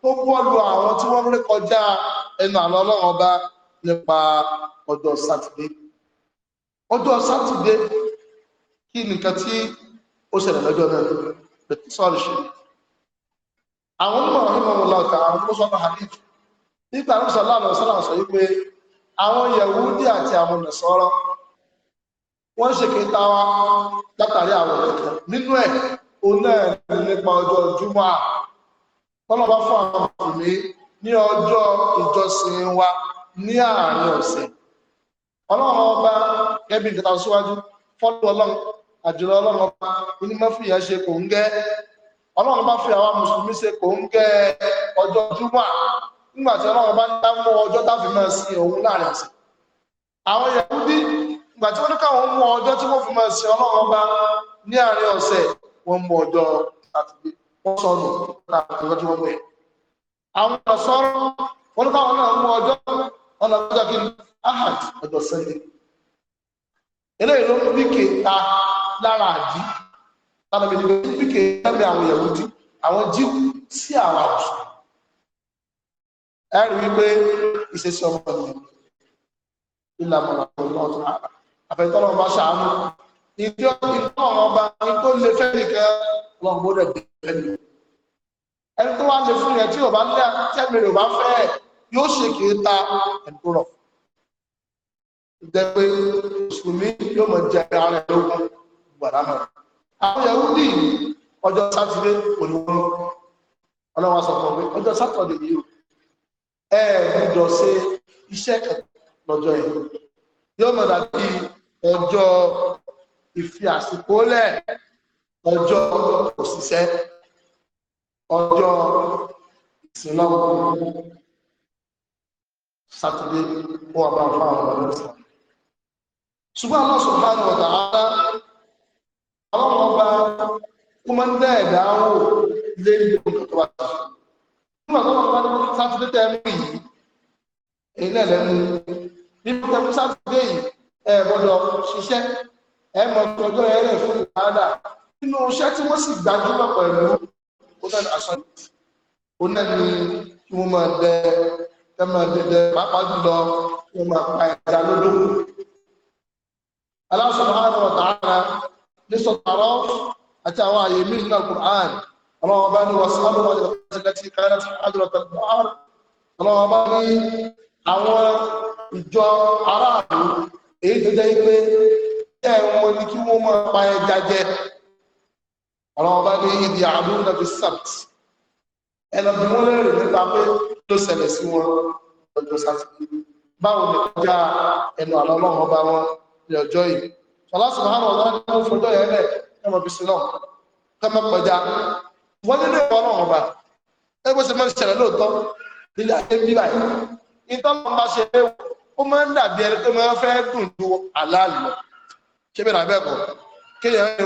tó bọ́ọ̀lù àwọn tí wọ́n rí kọjá ẹnu ọlọ́run ọba nípa ọjọ́ sátidé ọjọ́ sátidé bẹ̀tẹ̀sọ́rì ṣe àwọn onímọ̀ ọ̀hìnmọ̀ lọ́ta àwọn tó sọ́nà hadith nígbà ní sọ́lọ́nà sọ́lọ́nà sọ wípé àwọn yẹ̀wúdí àti àwọn nẹ̀sọ́rọ́ wọ́n ṣe kí táwa látàrí àwọn ẹ̀kọ́ nínú ẹ̀ oná ẹ̀ nípa ọjọ́ júmọ́ à tọ́lọ́bá fún àwọn mùsùlùmí ní ọjọ́ ìjọsìn wa ní àárín ọ̀sẹ̀ ọlọ́run ọba gẹ́bí ìkẹta síwájú fọ́lú ọlọ́run àjùlọ ọlọ́run ọba ní mọ́fìyà ṣe kò ń gẹ́ ọlọ́run bá fi àwọn mùsùlùmí ṣe kò ń gẹ́ ọjọ́ júmọ́ nígbà tí ọlọ́run bá ń dá mú ọjọ́ táfi máa sin òun láàrin àṣẹ àwọn Yahudi nígbà tí wọ́n ní káwọn mú ọjọ́ tí wọ́n fi máa sin ọlọ́run ọba ní àárín ọ̀sẹ̀ wọ́n mú ọjọ́ àtúgbé wọ́n sọnù láàrin ọjọ́ wọn bẹ̀ àwọn ọ̀sọ́rọ̀ wọ́n ní káwọn náà mú ọjọ́ ọ̀nà ọjọ́ kí ni ahad ọjọ́ sẹ́yìn eléyìí ló mú bí kèta lára àjí tàbí ìlú bí kèta bí àwọn yahudi àwọn jíù sí àwọn àwùsù ẹ̀rí wípé ìṣesí ọmọ ènìyàn ìlànà ọ̀nà ọ̀tún àfẹ́tọ́lọ́ ọba ṣàánú ìdí ọ̀nà ọba tó lè fẹ́ nìkan wọn gbọ́dọ̀ bẹ̀rẹ̀ ni ẹni tó wá lè fún yẹn tí ò bá ń lẹ́ tẹ́mìrì ò bá fẹ́ yóò ṣe kìí ta ẹni jẹ́ pé mùsùlùmí yóò mọ̀ jẹ́ ara lógún gbàdámọ̀ àwọn yahudi ọjọ́ sátidé olùwọ́n ọlọ́wọ́ sọ fún mi ọjọ́ sátọ̀dé yìí o ẹ gbọ́dọ̀ ṣe iṣẹ́ lọ́jọ́ yìí yóò mọ̀ dàbí ọjọ́ ìfi àsìkò lẹ̀ ọjọ́ òṣìṣẹ́ ọjọ́ ìsìnlọ́wọ́ sátidé ó wà fún àwọn ọmọ ìsìnlọ́wọ́ ṣùgbọ́n Allah subhanahu wa ta'ala àwọn ọba ó máa ń dá ẹ̀dá wò lérí ọdún tó wá sí nígbà tó wọn bá ní sátidé tẹ mú yìí èyí náà lẹ́nu nínú tẹ mú sátidé yìí ẹ gbọ́dọ̀ ṣiṣẹ́ ẹ mọ ìtọ́jú ẹ rẹ̀ fún ìpàdà nínú iṣẹ́ tí wọ́n sì gbajúmọ̀ pẹ̀lú ó náà ó náà kí wọ́n máa dẹ kí wọ́n pàápàá jùlọ Allah subhanahu wa ta'ala ní sọ̀tàrọ̀ àti àwọn àyè mí nínú al-Qur'an àwọn ọba ní wasu alùwà ìlú láti káyà láti àdúrà tàbí àwọn ọba ní àwọn ìjọ aráàlú èyí tó jẹ́ pé ẹ̀ wọ́n ní kí wọ́n máa pa ẹja jẹ àwọn ọba ní ibi àdúrà nàbí sabt ẹnà bí wọ́n lẹ́rìn nípa ní ọjọ́ yìí ṣàlásù bá hàn ọ̀dọ́ ní ọjọ́ yẹn lẹ̀ ẹ̀ mọ̀ bí sí náà ká má pẹja wọ́n nílé ìwọ náà ọba ẹ bó ṣe máa ń ṣẹlẹ̀ lóòótọ́ nílé ayé ń bí báyìí ìtọ́ ló máa ṣe é ó máa ń dàbí ju àlàálù lọ ṣé bẹ́ẹ̀ bẹ́ẹ̀ kọ́ kéèyàn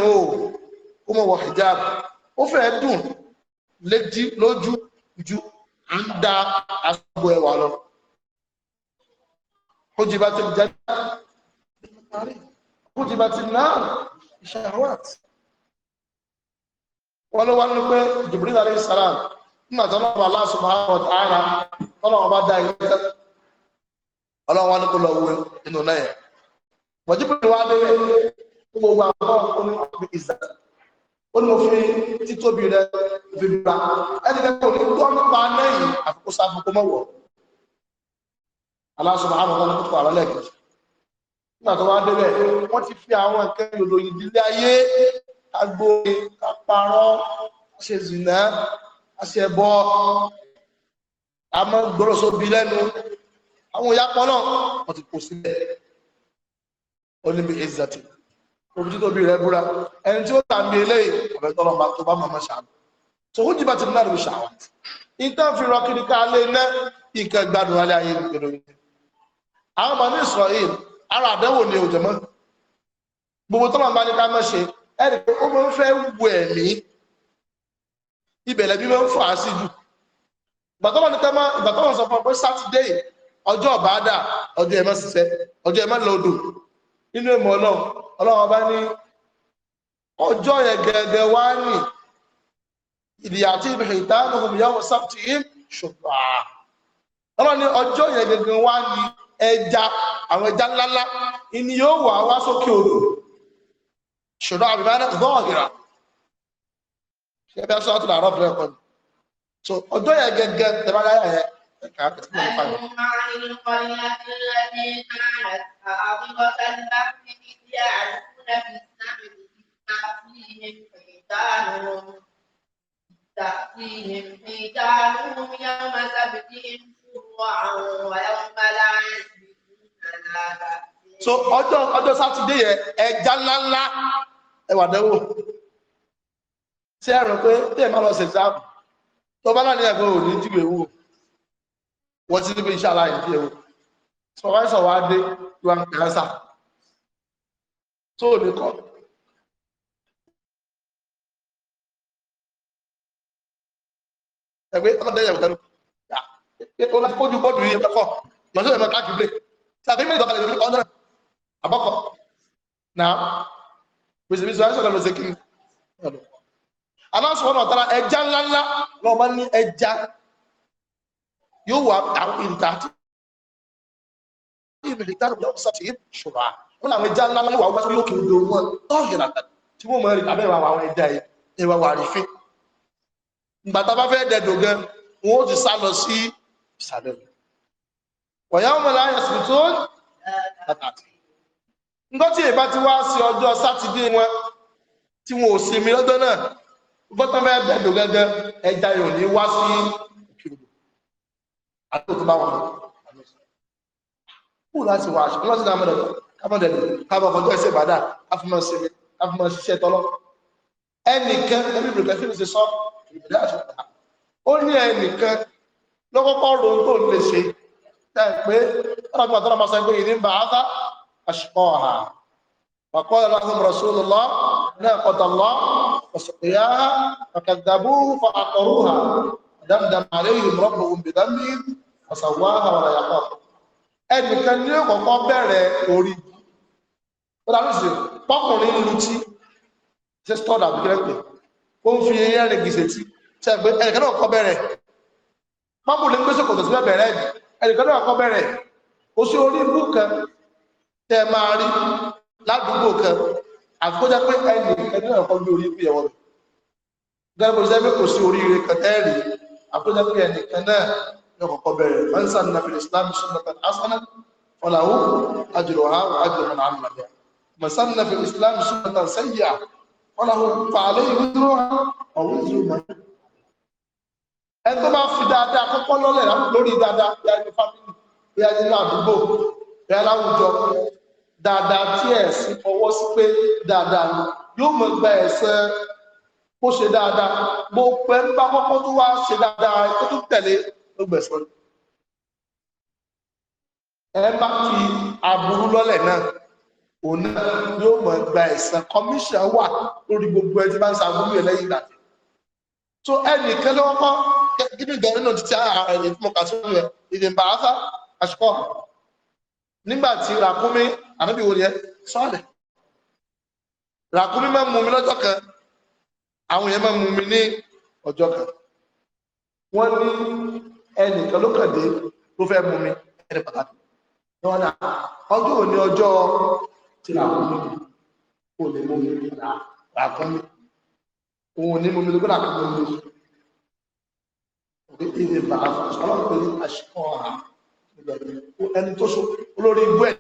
kutibat an-nar shahawat wọ́n ló wá ní pé Jibril alayhi salam nígbà tó lọ́wọ́ Allah subhanahu wa ta'ala tọ́lọ́wọ́ bá dá ilé tẹ́ ọlọ́wọ́ ní kó lọ wọ inú náà yẹn bọ̀ Jibril wá dé gbogbo àwọn ọkùnrin ọ̀gbìn ìzà ó ní mo fi títóbi rẹ fi bá ẹni kẹ́kọ̀ọ́ ní gbọ́ nípa náà yìí àfikún sáfikún mọ́wọ́ Allah subhanahu wa ta'ala nígbà tó wá débẹ̀ wọ́n ti fi àwọn nǹkan ìlòlò ìdílé ayé agbo àparọ́ ṣe zìnà aṣẹbọ àmọ́ gbọ́rọ̀ sóbi lẹ́nu àwọn ìyapọ̀ náà wọ́n ti kò sílẹ̀ oníbi ìzàtì òbí tó bí rẹ̀ búra ẹni tí ó tà ní ilé ọ̀bẹ̀tọ́lọ́ tó bá mọ̀mọ́ ṣàánú so ó jìbà ti náà lè ṣàwọn ìtàn fi rọ kiri ká lé iná ìkẹ́ gbádùn alẹ́ ayé ìgbèrò yìí àwọn ọmọ ní Israel ara àdánwò ni òjòmọ́ gbogbo tọ́lọ̀ bá ní ká mọ́ ṣe ẹ̀rì pé ó máa ń fẹ́ wù ẹ̀mí ibẹ̀lẹ̀ bí máa ń fà á sí jù ìgbàtọ́lọ̀ ní tẹ́mọ́ ìgbàtọ́lọ̀ sọ fún ọ pé sátidé ọjọ́ ọ̀bádà ọjọ́ ẹ̀mọ́ ṣiṣẹ́ ọjọ́ ẹ̀mọ́ lọ́dọ̀ nínú ìmọ̀ náà ọlọ́run bá ní ọjọ́ yẹn gẹ́gẹ́ wá ní ìdíyà tí ìbẹ̀rẹ̀ ìdáhùn ìyàwó sábtì yìí ṣùgbọ́n ọlọ́run ní ọjọ́ yẹn gẹ́gẹ́ wá ní ẹja àwọn ẹja ńláńlá ìní yóò wà wá sókè odò ṣùgbọ́n àbíbá náà ọ̀gìrà ṣẹ́bí aṣọ́ àtúnlá àrọ́ bẹ̀rẹ̀ ni so ọjọ́ yẹn gẹ́gẹ́ tẹ́bá láyà yẹn ẹ̀ka àti tí mo nípa yẹn. تأتيهم حيتانهم يوم so ọjọ́ ọjọ́ sátidé yẹ ẹja ńláńlá ẹwà dẹ́wò tí ẹ rò pé tí ẹ máa lọ sí exam tó bá náà ní ẹ̀kọ́ ò ní jùlọ ewu wọ́n ti níbi iṣẹ́ aláyé ní ewu supervisor wa dé ìwà ń kẹ́sà tó ò ní kọ́ ẹgbẹ́ ọlọ́dẹ yẹ̀wò kẹ́lú ó láti kójú bọ́ọ̀dù yìí ẹ̀kọ́ lọ́sọ̀ ẹ̀mọ́ káàkiri play sàbí mi ìdọ̀kalẹ̀ ìdọ̀kalẹ̀ ọ̀nà àbọ̀kọ̀ náà pèsè bí sọ́yà sọ́kàlù ṣèkì aláṣọ ọ̀nà ọ̀tara ẹja ńláńlá lọ́ọ́ máa ń ní ẹja yóò wà àwọn ìrìkà àti ìrìkà àti ìrìkà àti ìṣòro wọn làwọn ẹja ńláńlá yóò wà wọ́n sórí òkè odò wọn tọ́ọ̀hìnà tí wọ́n mọ̀ ẹ̀rì tàbí ìwà àwọn ẹja yìí ìwà wà rí fín ìgbà tá a bá fẹ́ sàdẹ̀lẹ̀ wọ̀yáwó mọ̀lá ayọ̀sùn tó pàtàkì ńgọ́ tí èbá ti wá sí ọjọ́ sátidé wọn tí wọn ò sí mi lọ́jọ́ náà gbọ́tọ́ bẹ́ẹ̀ bẹ̀dọ̀ gẹ́gẹ́ ẹja yóò ní wá sí òkè odò àti òtún bá wọn kú láti wá aṣọ ọlọ́sìn náà mọ̀dọ̀ kábọ̀dẹ̀lẹ̀ kábọ̀ fọjọ́ ẹsẹ̀ ìbàdà káfíńmọ̀ sí mi káfíńmọ̀ ṣiṣẹ́ tọ́lọ́ ẹnìkan ẹbí bìrìkẹ́ fíìmù ti sọ ìbìrìkẹ́ àṣọ ó ní lọ́kọ́kọ́ ron tó lè ṣe tẹ́ pé ọlọ́gbà tó lọ́mọ sọ pé ìdí ń bà á rasulullah náà qatallah ọ̀sọ̀kìyà ọ̀kàdàbú fa aqruha dámdàm alayhim rabbuhum bi dhanbihim fasawaha wa la yaqaf ẹnìkan ní ọkọ̀ọ̀kọ́ bẹ̀rẹ̀ orí ó dàbí sí pọ́kùnrin lutí ṣe stọ́ọ̀dà bí kẹ́lẹ́pẹ̀ ó ń fi ẹyẹ rẹ̀ gìsẹ̀ mọ́bù lè gbé sòkòtò sílẹ̀ bẹ̀rẹ̀ ẹ̀dì ẹnìkan náà kọ́ bẹ̀rẹ̀ ó sí orí ìlú kan tẹ́ máa rí ládùúgbò kan àfikójá pé ẹnì ẹni náà kọ́ bí orí pé ẹ̀wọ̀n gẹ́gẹ́ bó ṣe pé kò sí oríire kan tẹ́ẹ̀rì àfikójá pé ẹnì kan náà ní ọkọ̀ bẹ̀rẹ̀ mọ́nsá ní nàfẹ́ islam sunnatan asana fọláhù àjùrò ha àjùrò mọ́nà àmì nàbẹ́ mọ́nsá ní nàfẹ́ islam sunnatan sayya fọláhù fàálẹ́ ìwúzúrò ha ọ̀wúzúrò mọ́nà ẹni tó bá fi dáadáa kọ́kọ́ lọ́lẹ̀ lórí dáadáa ìyá inú fámìlì ìyá inú àdúgbò ìyá láwùjọ dáadáa tí ẹ̀sìn fọwọ́ sí pé dáadáa ni yóò mọ̀ gba ẹ̀sẹ̀ kó ṣe dáadáa mo pẹ́ ń bá kọ́kọ́ tó wá ṣe dáadáa tó tún tẹ̀lé ló gbẹ̀sọ́ ni ẹ bá fi aburú lọ́lẹ̀ náà òun náà yóò mọ̀ gba ẹ̀sán kọmíṣàn wà lórí gbogbo ẹni bá ń sa aburú lẹ́yìn ìgbà tó ẹnìkan lọ́wọ́ gidi gan nínú títí ààrẹ yìí fún ọkà sórí ẹ ìdìbò àáfà àṣùkọ nígbà tí ràkúnmí ànábì wo ni ẹ sọọlẹ ràkúnmí máa ń mú mi lọ́jọ́ kan àwọn èèyàn máa ń mú mi ní ọjọ́ kan wọ́n ní ẹnìkan ló kàn dé ló fẹ́ mú mi ẹni pàtàkì wọn náà ọjọ́ òní ọjọ́ tí ràkúnmí kò lè mú mi ràkúnmí òun ní mú mi lọ́jọ́ ràkúnmí lóṣù ìdí bàá fà ọlọ́run pé ní àṣìkò ọ̀hán ẹni tó so olórí igbó ẹ̀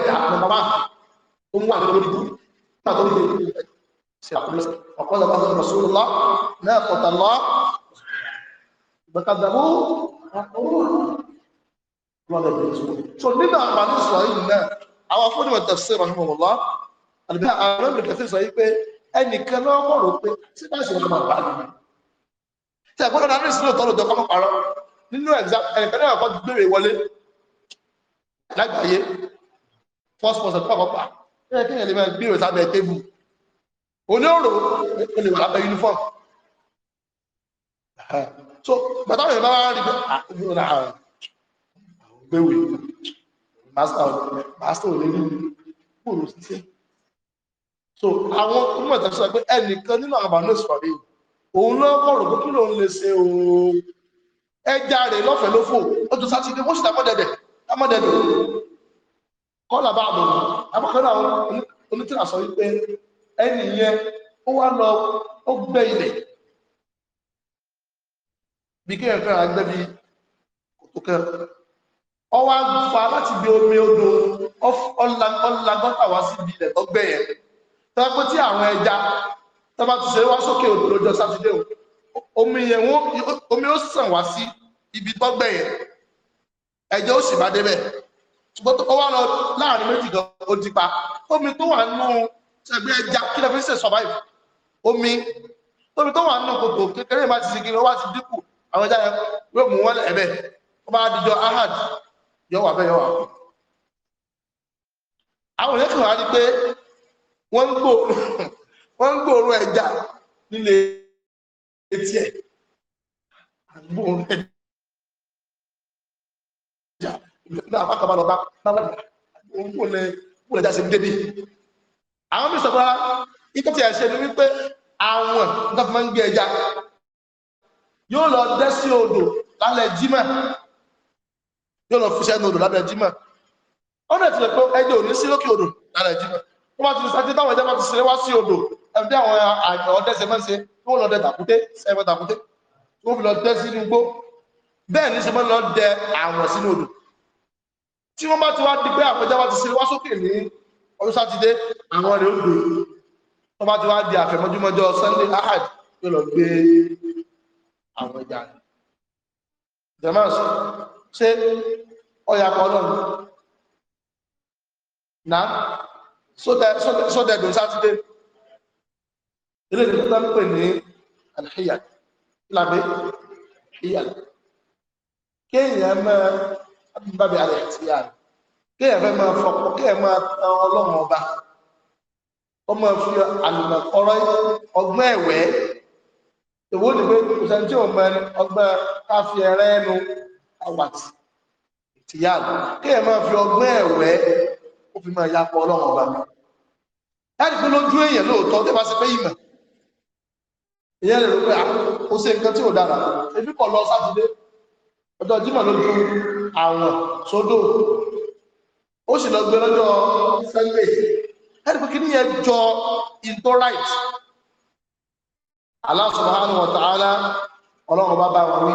ẹ̀dá àwọn bàbá tó ń wà tó ń gbé igbó ẹ̀ sí àkúrẹ́sì náà kọ̀tà lọ́ ìgbàkadàbó lọ́dọ̀ bẹ̀rẹ̀ so nínú àwọn àmì sọ yìí náà àwọn afọ́nìmọ̀ tafsir rahimahullah àlùbí àwọn ọ̀rẹ́ mi kẹfẹ́ sọ yìí pé ẹnìkan náà rò pé tí bá ṣe ọmọ àbá tí ẹ̀gbọ́n náà ní ìsúlò tọ́lù tọ́kọ́ pàrọ̀ nínú ẹnìkan náà kọ́ gbèrè wọlé lágbàáyé first person tó kọ́kọ́ pa ẹ̀ kí ẹ̀lẹ́mẹ̀ gbèrè sábẹ́ tébù oníòrò ó lè uniform so bàtà mi bá wà rí bẹ́ẹ̀ ah, àwọn gbéwì master ò lè rí kúrò sí so àwọn onímọ̀ ìtàkùn sọ pé ẹnìkan nínú àbánú ìsọ̀rí yìí òun náà kọ̀rọ̀ pé kí lòun lè ṣe òun ẹja rẹ̀ lọ́fẹ̀ẹ́ ló fò ó tó sátidé ó sì dá mọ́dẹ̀dẹ̀ dá mọ́dẹ̀dẹ̀ kọ́là bá àbọ̀ abákanáà onítìrà sọ wípé ẹni yẹn ó wá lọ ó gbẹ́ ilẹ̀ bí kí ẹ̀kọ́ àgbẹ́ bí kòtò kẹ́ ọ wá fa láti bí omi odò ọlagọ́ta wá sí ibi tó gbẹ́ yẹn tọ́pẹ́ tí àwọn ẹja tọ́ba ti ṣe wá sókè odò lọ́jọ́ sátidé o omi yẹn wọ́n omi ó sàn wá sí ibi tọ́gbẹ́ yẹn ẹ̀jẹ̀ ó sì bá débẹ̀ ṣùgbọ́n tó wá lọ láàrin méjì gan ó ti pa omi tó wà nù ṣẹ̀gbẹ́ ẹja kí lè fi ṣe survive omi omi tó wà nù kòtò kékeré má ti sìnkiri ó wá ti dínkù àwọn ẹja yẹn yóò mú wọn lẹ́ẹ̀bẹ̀ ó bá dijọ́ ahad yọ wà bẹ́ẹ̀ yọ wà. àwọn èèyàn kì wá rí pé wọ́n ń gbòòrò wọ́n ń gbòòrò ẹja nílé etí ẹ̀ àgbòòrò ẹja náà wọ́n kàbá lọ́ba náà wọ́n kò lè kò lè jáde débi. àwọn mi sọ̀rọ̀ ikọ́ tí ẹ̀ ṣe ni wípé àwọn nígbà tí wọ́n ń gbé ẹja yóò lọ dẹ́ sí odò lálẹ́ jímọ̀ yóò lọ fi sẹ́nu odò lálẹ́ jímọ̀ ọ̀nà ìtìlẹ̀ pé ẹjọ́ ò ní sí lókè odò lálẹ́ jímọ̀ wọ́n bá ti sáré táwọn ẹja bá ti sẹ́lẹ̀ sí odò ẹ̀fẹ́ àwọn àjọ ọdẹ́sẹ̀ mẹ́sẹ̀ tí wọ́n lọ dẹ tàkúté sẹ́fẹ́ tàkúté tí wọ́n fi lọ dẹ́ sínú igbó bẹ́ẹ̀ ní sẹ́fẹ́ lọ dẹ àwọn sínú odò tí wọ́n bá ti wá di pé àpẹjá wá ti ṣe wá sókè ní ọdún sátidé àwọn rẹ̀ ó gbé wọ́n bá ti wá di àfẹ̀mọ́júmọ́jọ́ sunday ahad yóò lọ gbé àwọn ẹja rẹ̀ jamus ṣe ọyàpọ̀ ọlọ́run náà sódẹ̀dùn sátidé ilé ìlú tó ń pè ní alhiya lábẹ́ hiya kéèyàn máa bábi alẹ́ àti yá rẹ̀ kéèyàn fẹ́ máa fọpọ̀ kéèyàn máa tan ọlọ́run ọba ó máa fi àlùmọ̀kọ́rọ́ ọgbọ́n ẹ̀wẹ́ ìwọ ni pé kùsàn tí òun mẹ́rin ọgbọ́n káfí ẹrẹ́ ẹnu àwàtì ìtìyá rẹ̀ kéèyàn máa fi ọgbọ́n ẹ̀wẹ́ ó fi máa yapọ̀ ọlọ́run ọba láti fi lójú èèyàn lóòótọ́ tó bá ṣe pé ìmọ̀ ìyẹn lè rò pé ah, ó ṣe nǹkan tí ò dára ebi kọ̀ lọ sátidé ọjọ́ jímọ̀ ló ju àwọn sódò ó sì lọ gbé lọ́jọ́ sunday ẹni pé kí ni yẹn jọ intorite Allah subhanahu wa ta'ala ọlọ́run bá bá wọn wí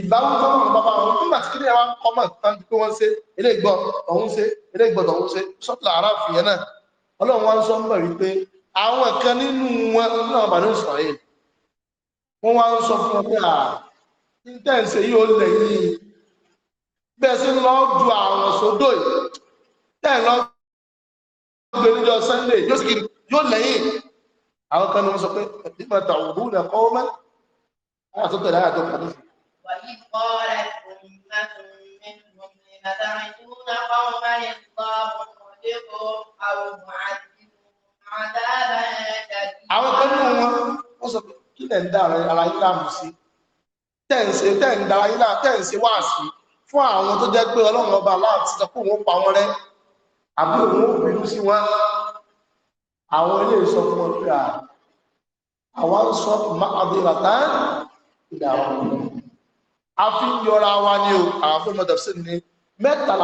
ìbáwọn tó wọn bá bá wọn nígbà tí kí ni àwọn ọmọ kan pé wọ́n ṣe eléègbọ́ ọ̀hún ṣe eléègbọ́ ọ̀hún ṣe sọ́tìlà aráàfin yẹn náà ọlọ́run wá ń sọ ń bẹ̀ wípé àwọn kan nínú wọn náà bá ní sọ̀rọ̀ yìí wọ́n wá ń sọ fún ọ pé à ń tẹ̀sẹ̀ yìí ó lẹ́yìn bẹ́ẹ̀ sí lọ́ ju àwọn sódò yìí tẹ̀ lọ́ gbé níjọ sunday yóò sì yóò lẹ́yìn àwọn kan ní wọ́n sọ pé ẹ̀bí máa tà òwú rẹ̀ kọ́ mẹ́ àwọn tó tẹ̀lé àjọ kan lóṣù. wàyí kọ́ rẹ̀ kò ní má tó ní mẹ́tò ní àtàrin tó náà kọ́ ọmọ rẹ̀ ọmọdé kó àwọn àti àwọn kan ní wọ́n sọ pé kí tẹ̀ ń dá ara yín láàmú sí tẹ̀ ń ṣe tẹ̀ ń dára yín láà tẹ̀ ń ṣe wá sí fún àwọn tó jẹ́ pé ọlọ́run ọba láti sọ pé òun pa wọn rẹ́ àbí òun ò bínú sí wọn àwọn ilé ìsọ fún wọn pé àwa ń sọ àbúrò ìdá àwọn ọmọ a fi ń yọra wa ní o àwọn fún ọmọdé sí ni mẹ́ta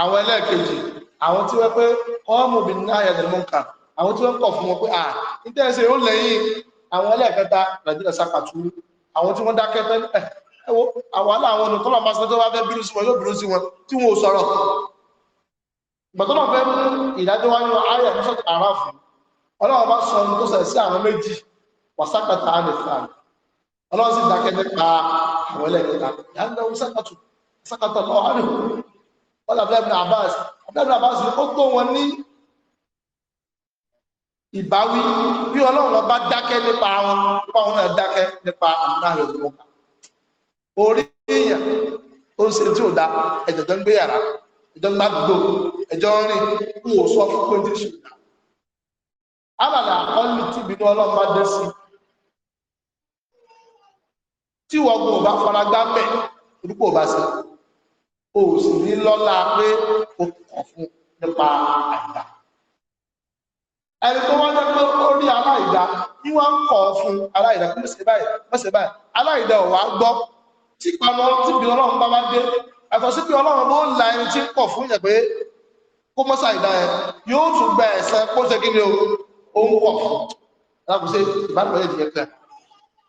àwọn ẹlẹ́ẹ̀kejì àwọn tí wọ́n pé kọ́ọ̀mù bí náà yẹ̀ lẹ́mọ̀ọ́kà àwọn tí wọ́n kọ̀ fún wọn pé à nítẹ̀sẹ̀ ó lẹ́yìn àwọn ẹlẹ́ẹ̀kẹta nàìjíríà sàpàtú àwọn tí wọ́n dákẹ́ tẹ́lẹ̀ ẹwọ́ àwọn aláwọn ọ̀nà tọ́lọ̀ máa sọ́jọ́ wá fẹ́ bínú sí wọn yóò bínú sí wọn tí wọn ò sọ̀rọ̀ gbọ̀tọ́lọ̀ fẹ́ mú ìdájọ́ wá ní ayé àmúṣọ́tì àráàfù ọlọ́run bá sọ ohun tó ṣẹlẹ̀ sí sì dákẹ́ nípa àwọn ẹlẹ́ẹ̀kẹta ìyá ń lọ sákàtà lọ́wọ́ àdìsàn wọ́n làbẹ́ ibn Abbas abẹ́ ibn Abbas ó tó wọn ní ìbáwí bí ọlọ́run lọ bá dákẹ́ nípa wọn nípa wọn náà dákẹ́ nípa àmúnáyọ̀ tó wọn orí èèyàn tó ń ṣe tí ò da ẹ̀jẹ̀ tó ń gbé yàrá ẹjọ́ ń gbàdúgbò ẹjọ́ ń rìn kú ò sọ fún pé jésù ìdá alàlà àkọlù tí ìbínú ọlọ́run bá dé sí tí wọ́n gbọ́n bá fara gbá bẹ́ẹ̀ orúkọ bá sí o sì ní lọ́lá pé o kọ̀ fún nípa àìdá ẹni tó wọ́n jẹ́ pé ó rí aláìdá ní wọ́n ń kọ̀ fún aláìdá kí mọ́sẹ̀ báyìí mọ́sẹ̀ báyìí aláìdá ò wá gbọ́ tí pamọ́ tí bí ọlọ́run bá wá dé àtọ̀ sí pé ọlọ́run ló ń la ẹni tí ń kọ̀ fún yẹn pé kó mọ́sà ìdá yẹn yóò tún gba ẹ̀sán kó ṣe kí ni ó ń kọ̀ fún alákùnṣe ìbánúwẹ̀ ìdíyẹ kan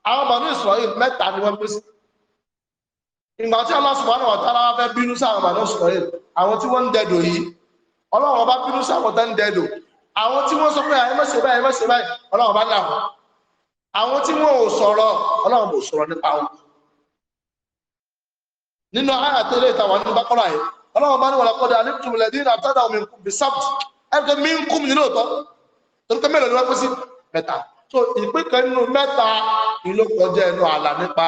àwọn ọmọ ní Ísírẹ́lì mẹ́ta ni wọ́n pín sí ìgbà tí Allah subhanahu wa ta'ala fẹ́ bínú sáwọn bàánú sọ̀rọ̀ àwọn tí wọ́n ń dẹ̀dò yìí ọlọ́run bá bínú sáwọn tó ń dẹ̀dò àwọn tí wọ́n sọ pé àyè mẹ́sẹ̀ báyìí mẹ́sẹ̀ báyìí ọlọ́run bá dàbọ̀ àwọn tí wọ́n ò sọ̀rọ̀ ọlọ́run kò sọ̀rọ̀ nípa wọn. nínú àyà tẹ́lẹ̀ ìtawà ní bákọ́rà yìí ọlọ́run bá ní wọ́n pín sí mẹ́ta so ìpín kan nínú mẹ́ta ìlú kọjá ẹnu àlà nípa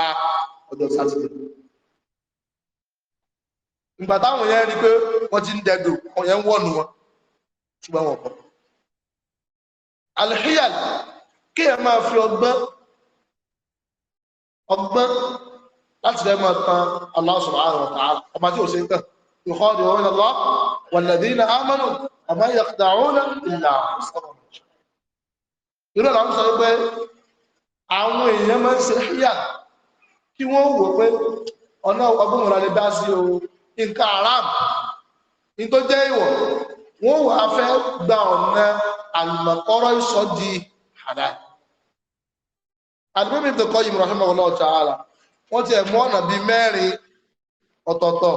sátidé ìgbà táwọn yẹn rí pé wọ́n ti ń dẹ̀dò wọ́n yẹn ń wọ̀nù wọn ṣùgbọ́n wọn kọ́. alhiyal kí ẹ máa fi ọgbọ́n ọgbọ́n láti fẹ́ máa tan Allah subhanahu wa ta'ala ọmọ tí ò ṣe ń tàn yukhadi'una Allah walladhina amanu wa ma yaqda'una illa irú ẹ̀rọ àwọn sọ pé àwọn èèyàn máa ń ṣe hiyal kí wọ́n wò pé ọ̀nà ọgbọ́n wọn lè dá sí o nǹkan haram ní tó jẹ́ ìwọ̀ wọ́n wà á fẹ́ gba ọ̀nà àlùmọ̀kọ́rọ́ ìsọ di halal àdúgbò ìbùdókọ́ yìí rahimahullahu ta'ala wọ́n ti ẹ̀mú ọ̀nà bíi mẹ́rin ọ̀tọ̀ọ̀tọ̀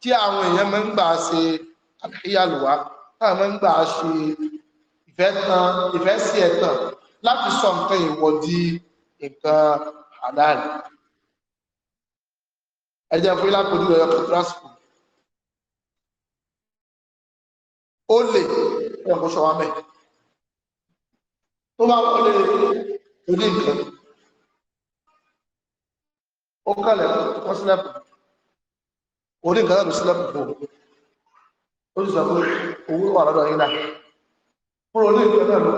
tí àwọn èèyàn máa ń gbà ṣe àkíyàlùwá táwọn máa ń gbà ṣe ìfẹ́ tán ìfẹ́ sí ẹ̀tàn láti sọ nǹkan ìwọ̀ di nǹkan halal ẹjẹ́ fún ilákojú ẹ̀yọ kọtrásìkò ó lè ẹ̀kọ́ ṣọwá mẹ́ tó bá wọ́n lè orí nǹkan ó kàlẹ̀ wọ́n sílẹ̀pù orí nǹkan lẹ́nu sílẹ̀pù bò ó sì sọ pé owó wà lọ́dọ̀ yìí náà fún orí nǹkan náà ló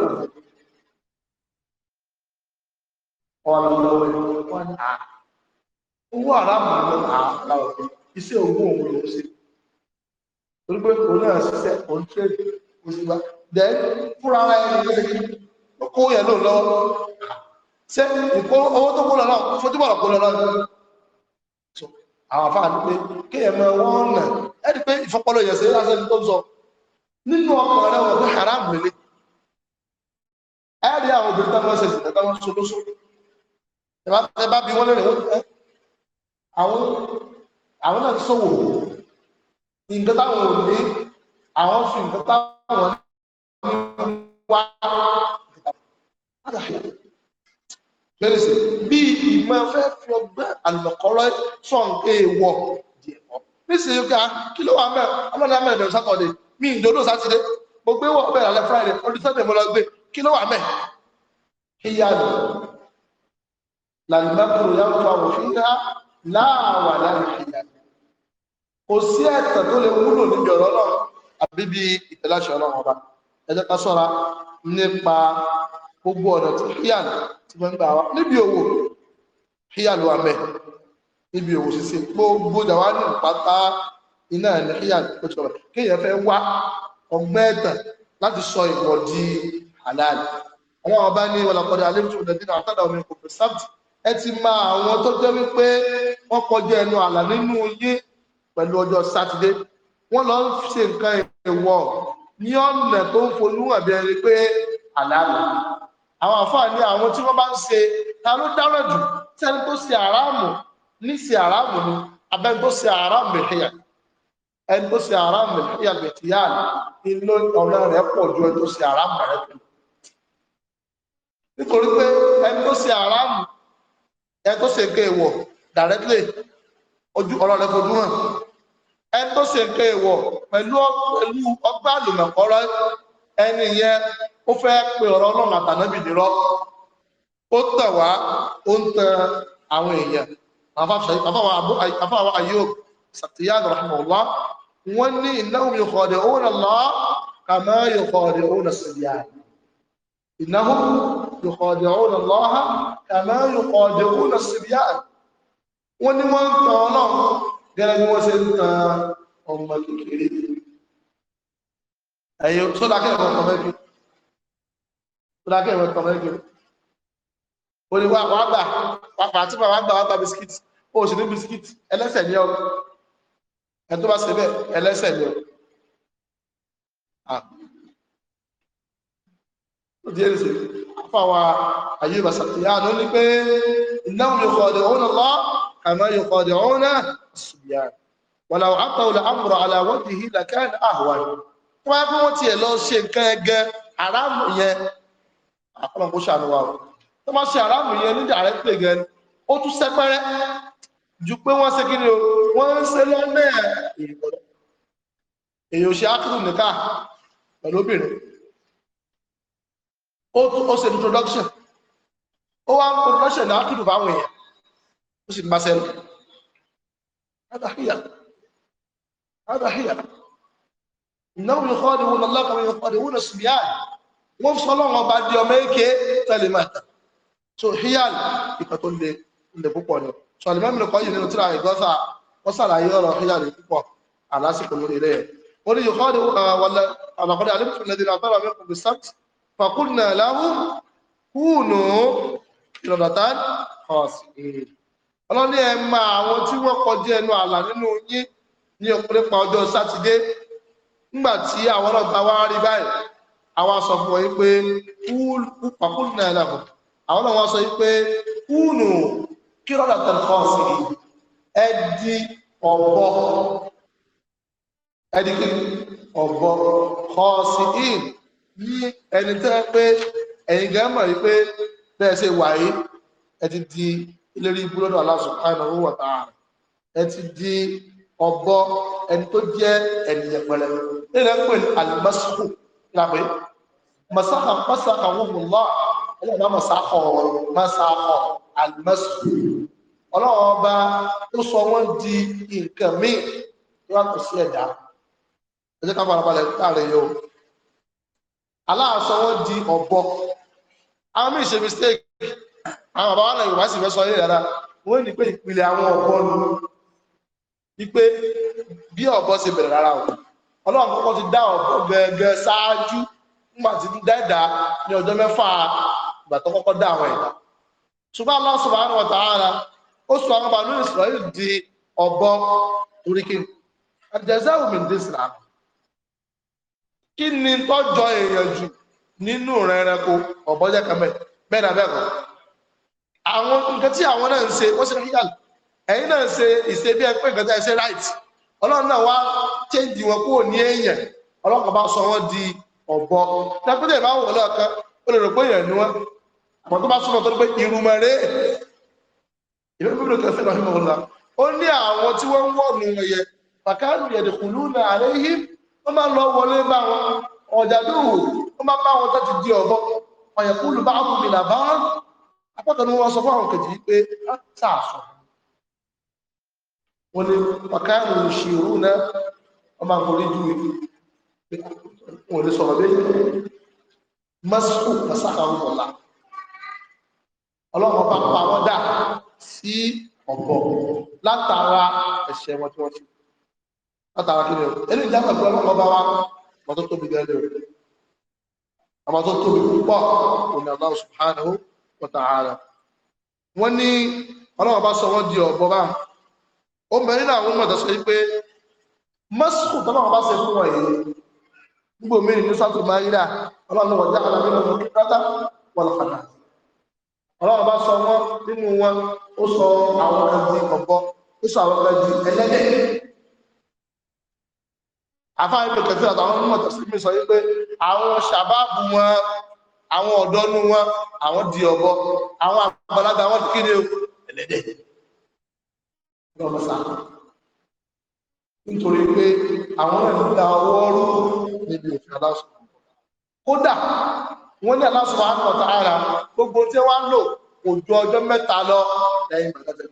kò wọ́n lọ́wọ́ wọ́n ní àá ah owó àràmù ló àlà òfin iṣẹ́ owó òun ló ṣe torí pé òun náà ṣiṣẹ́ òun ṣe òṣùwà then fúnra ara ẹni ló ṣe kí ó kó yẹn lóun lọ́wọ́ ṣé ìkó owó tó kó lọ náà fojú bọ̀rọ̀ kó lọ náà so àwọn afáà ní pé kéèyàn mọ wọn nà ẹni pé ìfọpọlọ yẹn ṣe láṣẹ tó ń sọ nínú ọkọ rẹ wọn pé haramu lélẹ ẹ rí àwọn obìnrin táwọn ṣe ṣe tẹtẹ wọn ṣe lóṣù ẹ bá bí wọn lè rẹ wọn àwọn àwọn náà ṣòwò nǹkan táwọn ò ní àwọn fi nǹkan táwọn ní wá bẹ́ẹ̀ sì bí ìmọ̀ fẹ́ fi ọgbẹ́ àlùmọ̀kọ́rọ́ sọ̀n èèwọ̀ díẹ̀ ọ̀ nísìnyí ká kí ló wà mẹ́ ọlọ́dà mẹ́rin bẹ̀rẹ̀ sátọ̀dé mi ìdodo sátidé mo gbé wọ̀ bẹ́ẹ̀ lálẹ́ friday ọdún sẹ́dẹ̀ mo lọ gbé kí ló wà mẹ́ kíyà lọ làlùmọ́kùnrin yàtọ̀ àwọn òfin náà láàwà láàrínlẹ̀ kò sí ẹ̀tàn tó lè wúlò níbi ọ̀rọ̀ náà àbí bí ìtẹ̀láṣẹ ọlọ́run ọba ẹ jẹ́ ká ṣọ́ra nípa gbogbo ọ̀nà tí híyàn ti wọ́n ń gbà wá níbi òwò híyàn ló wà mẹ́ níbi òwò ṣíṣe gbogbo ìjà wá ní ìpátá iná ẹ̀ ní híyàn tó ti wọ̀ kéèyàn fẹ́ wá ọgbẹ́ ẹ̀tàn láti sọ ìwọ̀ di halal àwọn ọba ní wọlọpọdà alẹ́ tó lẹ́dínà àtàdà omi kò fẹ́ sábà ẹ ti ma àwọn tó wípé wọn kọjá ẹnu àlà nínú yín pẹ̀lú ọjọ́ sátidé wọn lọ ṣe nǹkan èèwọ̀ ní ọ̀nà tó ń folú hàn bí ẹni pé àlàálà àwọn àǹfààní àwọn tí wọ́n bá ń ṣe ta ló dára jù sẹ́ni tó ṣe àràmù ní ṣe àràmù ni tó ṣe àràmù ẹni tó ṣe àràmù ọ̀nà pọ̀ ju ẹni tó ṣe àràmù nítorí pé ẹni tó ṣe àràmù ẹ tó ṣe nǹkan èèwọ̀ directly ojú ọ̀rọ̀ rẹ̀ fojú hàn ẹ tó ṣe nǹkan èèwọ̀ pẹ̀lú pẹ̀lú ọgbà àlùmọ̀kọ́rọ́ ẹni yẹn ó fẹ́ pe ọ̀rọ̀ ọlọ́run àtànábì nírọ́ ó tàn wá ó ń tan àwọn èèyàn àfàwà ayò sàtìyàn rahmanullah wọ́n ní innahum yukhadi'una Allah kama yukhadi'una as-sibyaan إنهم يخادعون الله كما يخادعون الصبيان wọ́n ní wọ́n ń tan ọlọ́run gẹ́gẹ́ bí wọ́n ṣe ń tan ọmọ kékeré ẹ̀yẹ sódàkẹ́ ẹ̀kọ́ ọmọ ẹgbẹ́ sódàkẹ́ ẹ̀kọ́ ọmọ ẹgbẹ́ ó ní wà wà gbà wà pàtí wà wà gbà wà gbà bisikíìtì ó sì ní bisikíìtì ẹlẹ́sẹ̀ ní ọkọ̀ ẹ̀ tó bá ṣe bẹ́ẹ̀ ẹlẹ́sẹ̀ ní ọkọ̀ díẹ̀ nìṣẹ́ fáwa ayé basàtìyà ló ní pé innahum yukhadi'una Allah kama yukhadi'una as-subyan walau ataw al-amra ala wajhihi lakana ahwan wọ́n bí wọ́n tiẹ̀ lọ ṣe nǹkan ẹgẹ aráàmù yẹn àkọlọ̀ kó ṣàánú wa o tó wọ́n ṣe kí ni o wọ́n ń ṣe ó tún ó ṣe introduction ó wá ń introduction náà kìlù fáwọn èèyàn ó sì máa sẹ́nu adàhíyà adàhíyà ìnáwó ìkọ́ ni wọn lọ́lá kàwé ìkọ́ ni wọn lọ sùn yáà wọ́n sọ lọ́wọ́ bá di ọmọ èké tẹ́lẹ̀ máa tà so hiyal ìkà tó le le púpọ̀ ni so alimami kọ́ yìí nínú tíra ìgọ́sà wọ́n sàlàyé ọ̀rọ̀ hiyal púpọ̀ àlásìkò lórí rẹ̀ ó ní ìkọ́ ni wọ́n wọlé àlàkọ́dẹ́ alẹ́kùnrin lẹ́dínlẹ́ àtọ́rọ̀ fàkúnnà láhùn kúùnù ìrọ̀dọ̀tán ọ̀sìn ọlọ́ní ẹ ma àwọn tí wọ́n kọjá ẹnu àlà nínú yín ní ọ̀pọ̀lọpọ̀ ọjọ́ sátidé nígbà tí àwọn ọlọ́ta wá rí báyìí àwọn sọ fún ọ pé pàkúnnà láhùn àwọn náà wọ́n sọ pé kúùnù kí ìrọ̀dọ̀tán ọ̀sìn ẹ di ọ̀bọ ẹdí kí ọ̀bọ ọ̀sìn ní ẹni tẹ́ pé ẹ̀yin gan mọ̀ wípé bẹ́ẹ̀ ṣe wà yìí ẹ ti di ìlérí ibú lọ́dọ̀ Allah subhanahu wa ta'ala ẹ ti di ọ̀bọ ẹni tó jẹ́ ènìyàn pẹ̀lẹ́ nílẹ̀ pé alimasiku làbẹ́ masaka masaka wùmùlá ẹlẹ́yìn náà masaka ọ̀rọ̀ masaka alimasiku ọlọ́wọ́ ọba ó sọ wọ́n di nǹkan míì tó wà kò sí ẹ̀dá ẹ jẹ́ ká fara balẹ̀ káàrin yóò aláàsọ wọn di ọ̀bọ àwọn míì ṣe mistake àwọn bàbá náà Yorùbá sì fẹ́ sọ ilé rárá wọ́n ní pé ìpìlẹ̀ àwọn ọ̀bọ ni wípé bí ọ̀bọ ṣe bẹ̀rẹ̀ rárá o Ọlọ́run kọ́kọ́ ti dá ọ̀bọ gẹ́gẹ́ ṣáájú nígbà tí dẹ́dà ní ọjọ́ mẹ́fà ìgbà tó kọ́kọ́ dá àwọn ẹ̀dá ṣùgbọ́n Allah subhanahu wa ta'ala ó sọ àwọn bàbá Israel di ọ̀bọ torí kí ni àjẹsẹ́ òmìnir kí ni tọ́jọ èèyàn jù nínú rẹ̀ ọ̀bọ́jẹ́ kan bẹ́ẹ̀ náà bẹ́ẹ̀ kọ́ àwọn nǹkan tí àwọn náà ń ṣe wọ́n ṣe kíkàlì ẹ̀yin náà ṣe ìṣe right ọlọ́run náà wá chéǹdì wọn kúrò ní èèyàn ọlọ́kàn di ọ̀bọ bá wọ̀ lọ́ọ̀kan ó lè rò pé èèyàn ni àmọ́ tó bá tó pé bíbélì ó máa lọ wọlé bá wọn ọ̀jàdùwò ó máa bá wọn tó ti di ọ̀bọ ọ̀yẹ̀kúlù bá kù mí làbá apọ́tọ̀ ni wọ́n sọ fún àwọn kejì pé á sàásọ̀ wọ́n ní pàkáàrù ìṣirú náà ọmọ àgbòrí ju wọ́n lè sọ̀rọ̀ bẹ́ẹ̀ mọ́sùkù mọ́sàkàrù ọ̀la ọlọ́run bá wọn tí wọ́n ṣe látara kí ni o ẹni ìjábọ̀ ìgbọ́ ọlọ́pàá bá wa ọmọ tó tóbi gẹ́gẹ́ o ọmọ tó tóbi púpọ̀ òní Allah subhanahu wa ta'ala wọ́n ní ọlọ́pàá bá sọ wọ́n di ọ̀bọ bá ó mẹ́rin náà wọ́n mọ̀tọ́ sọ pé mọ́sùkù tọ́lọ́pàá bá ṣe fún wọn gbogbo mẹ́rin ní sátú máyídà ọlọ́run wọ̀ já àlàyé lọ́wọ́ kíkátá wọlọ́kàdà ọlọ́run bá sọ wọ́n nínú wọn ó sọ àwọn kan di ọ̀bọ ó sọ àwọn kan di ẹlẹ́dẹ̀ afáwọn ibi kẹsí àtàwọn onímọ̀ tẹ̀sí mi sọ wípé àwọn ṣàbáàbù wọn àwọn ọ̀dọ́nu wọn àwọn di ọ̀bọ àwọn àgbàlagbà wọn kí ni ẹlẹ́dẹ̀ lọ́mọ́sá nítorí pé àwọn ẹ̀rọ da ọwọ́ rú níbi òfin aláṣọ kódà wọ́n ní aláṣọ àkọta ara gbogbo tí wọ́n lò kò ju ọjọ́ mẹ́ta lọ lẹ́yìn gbàgbẹ́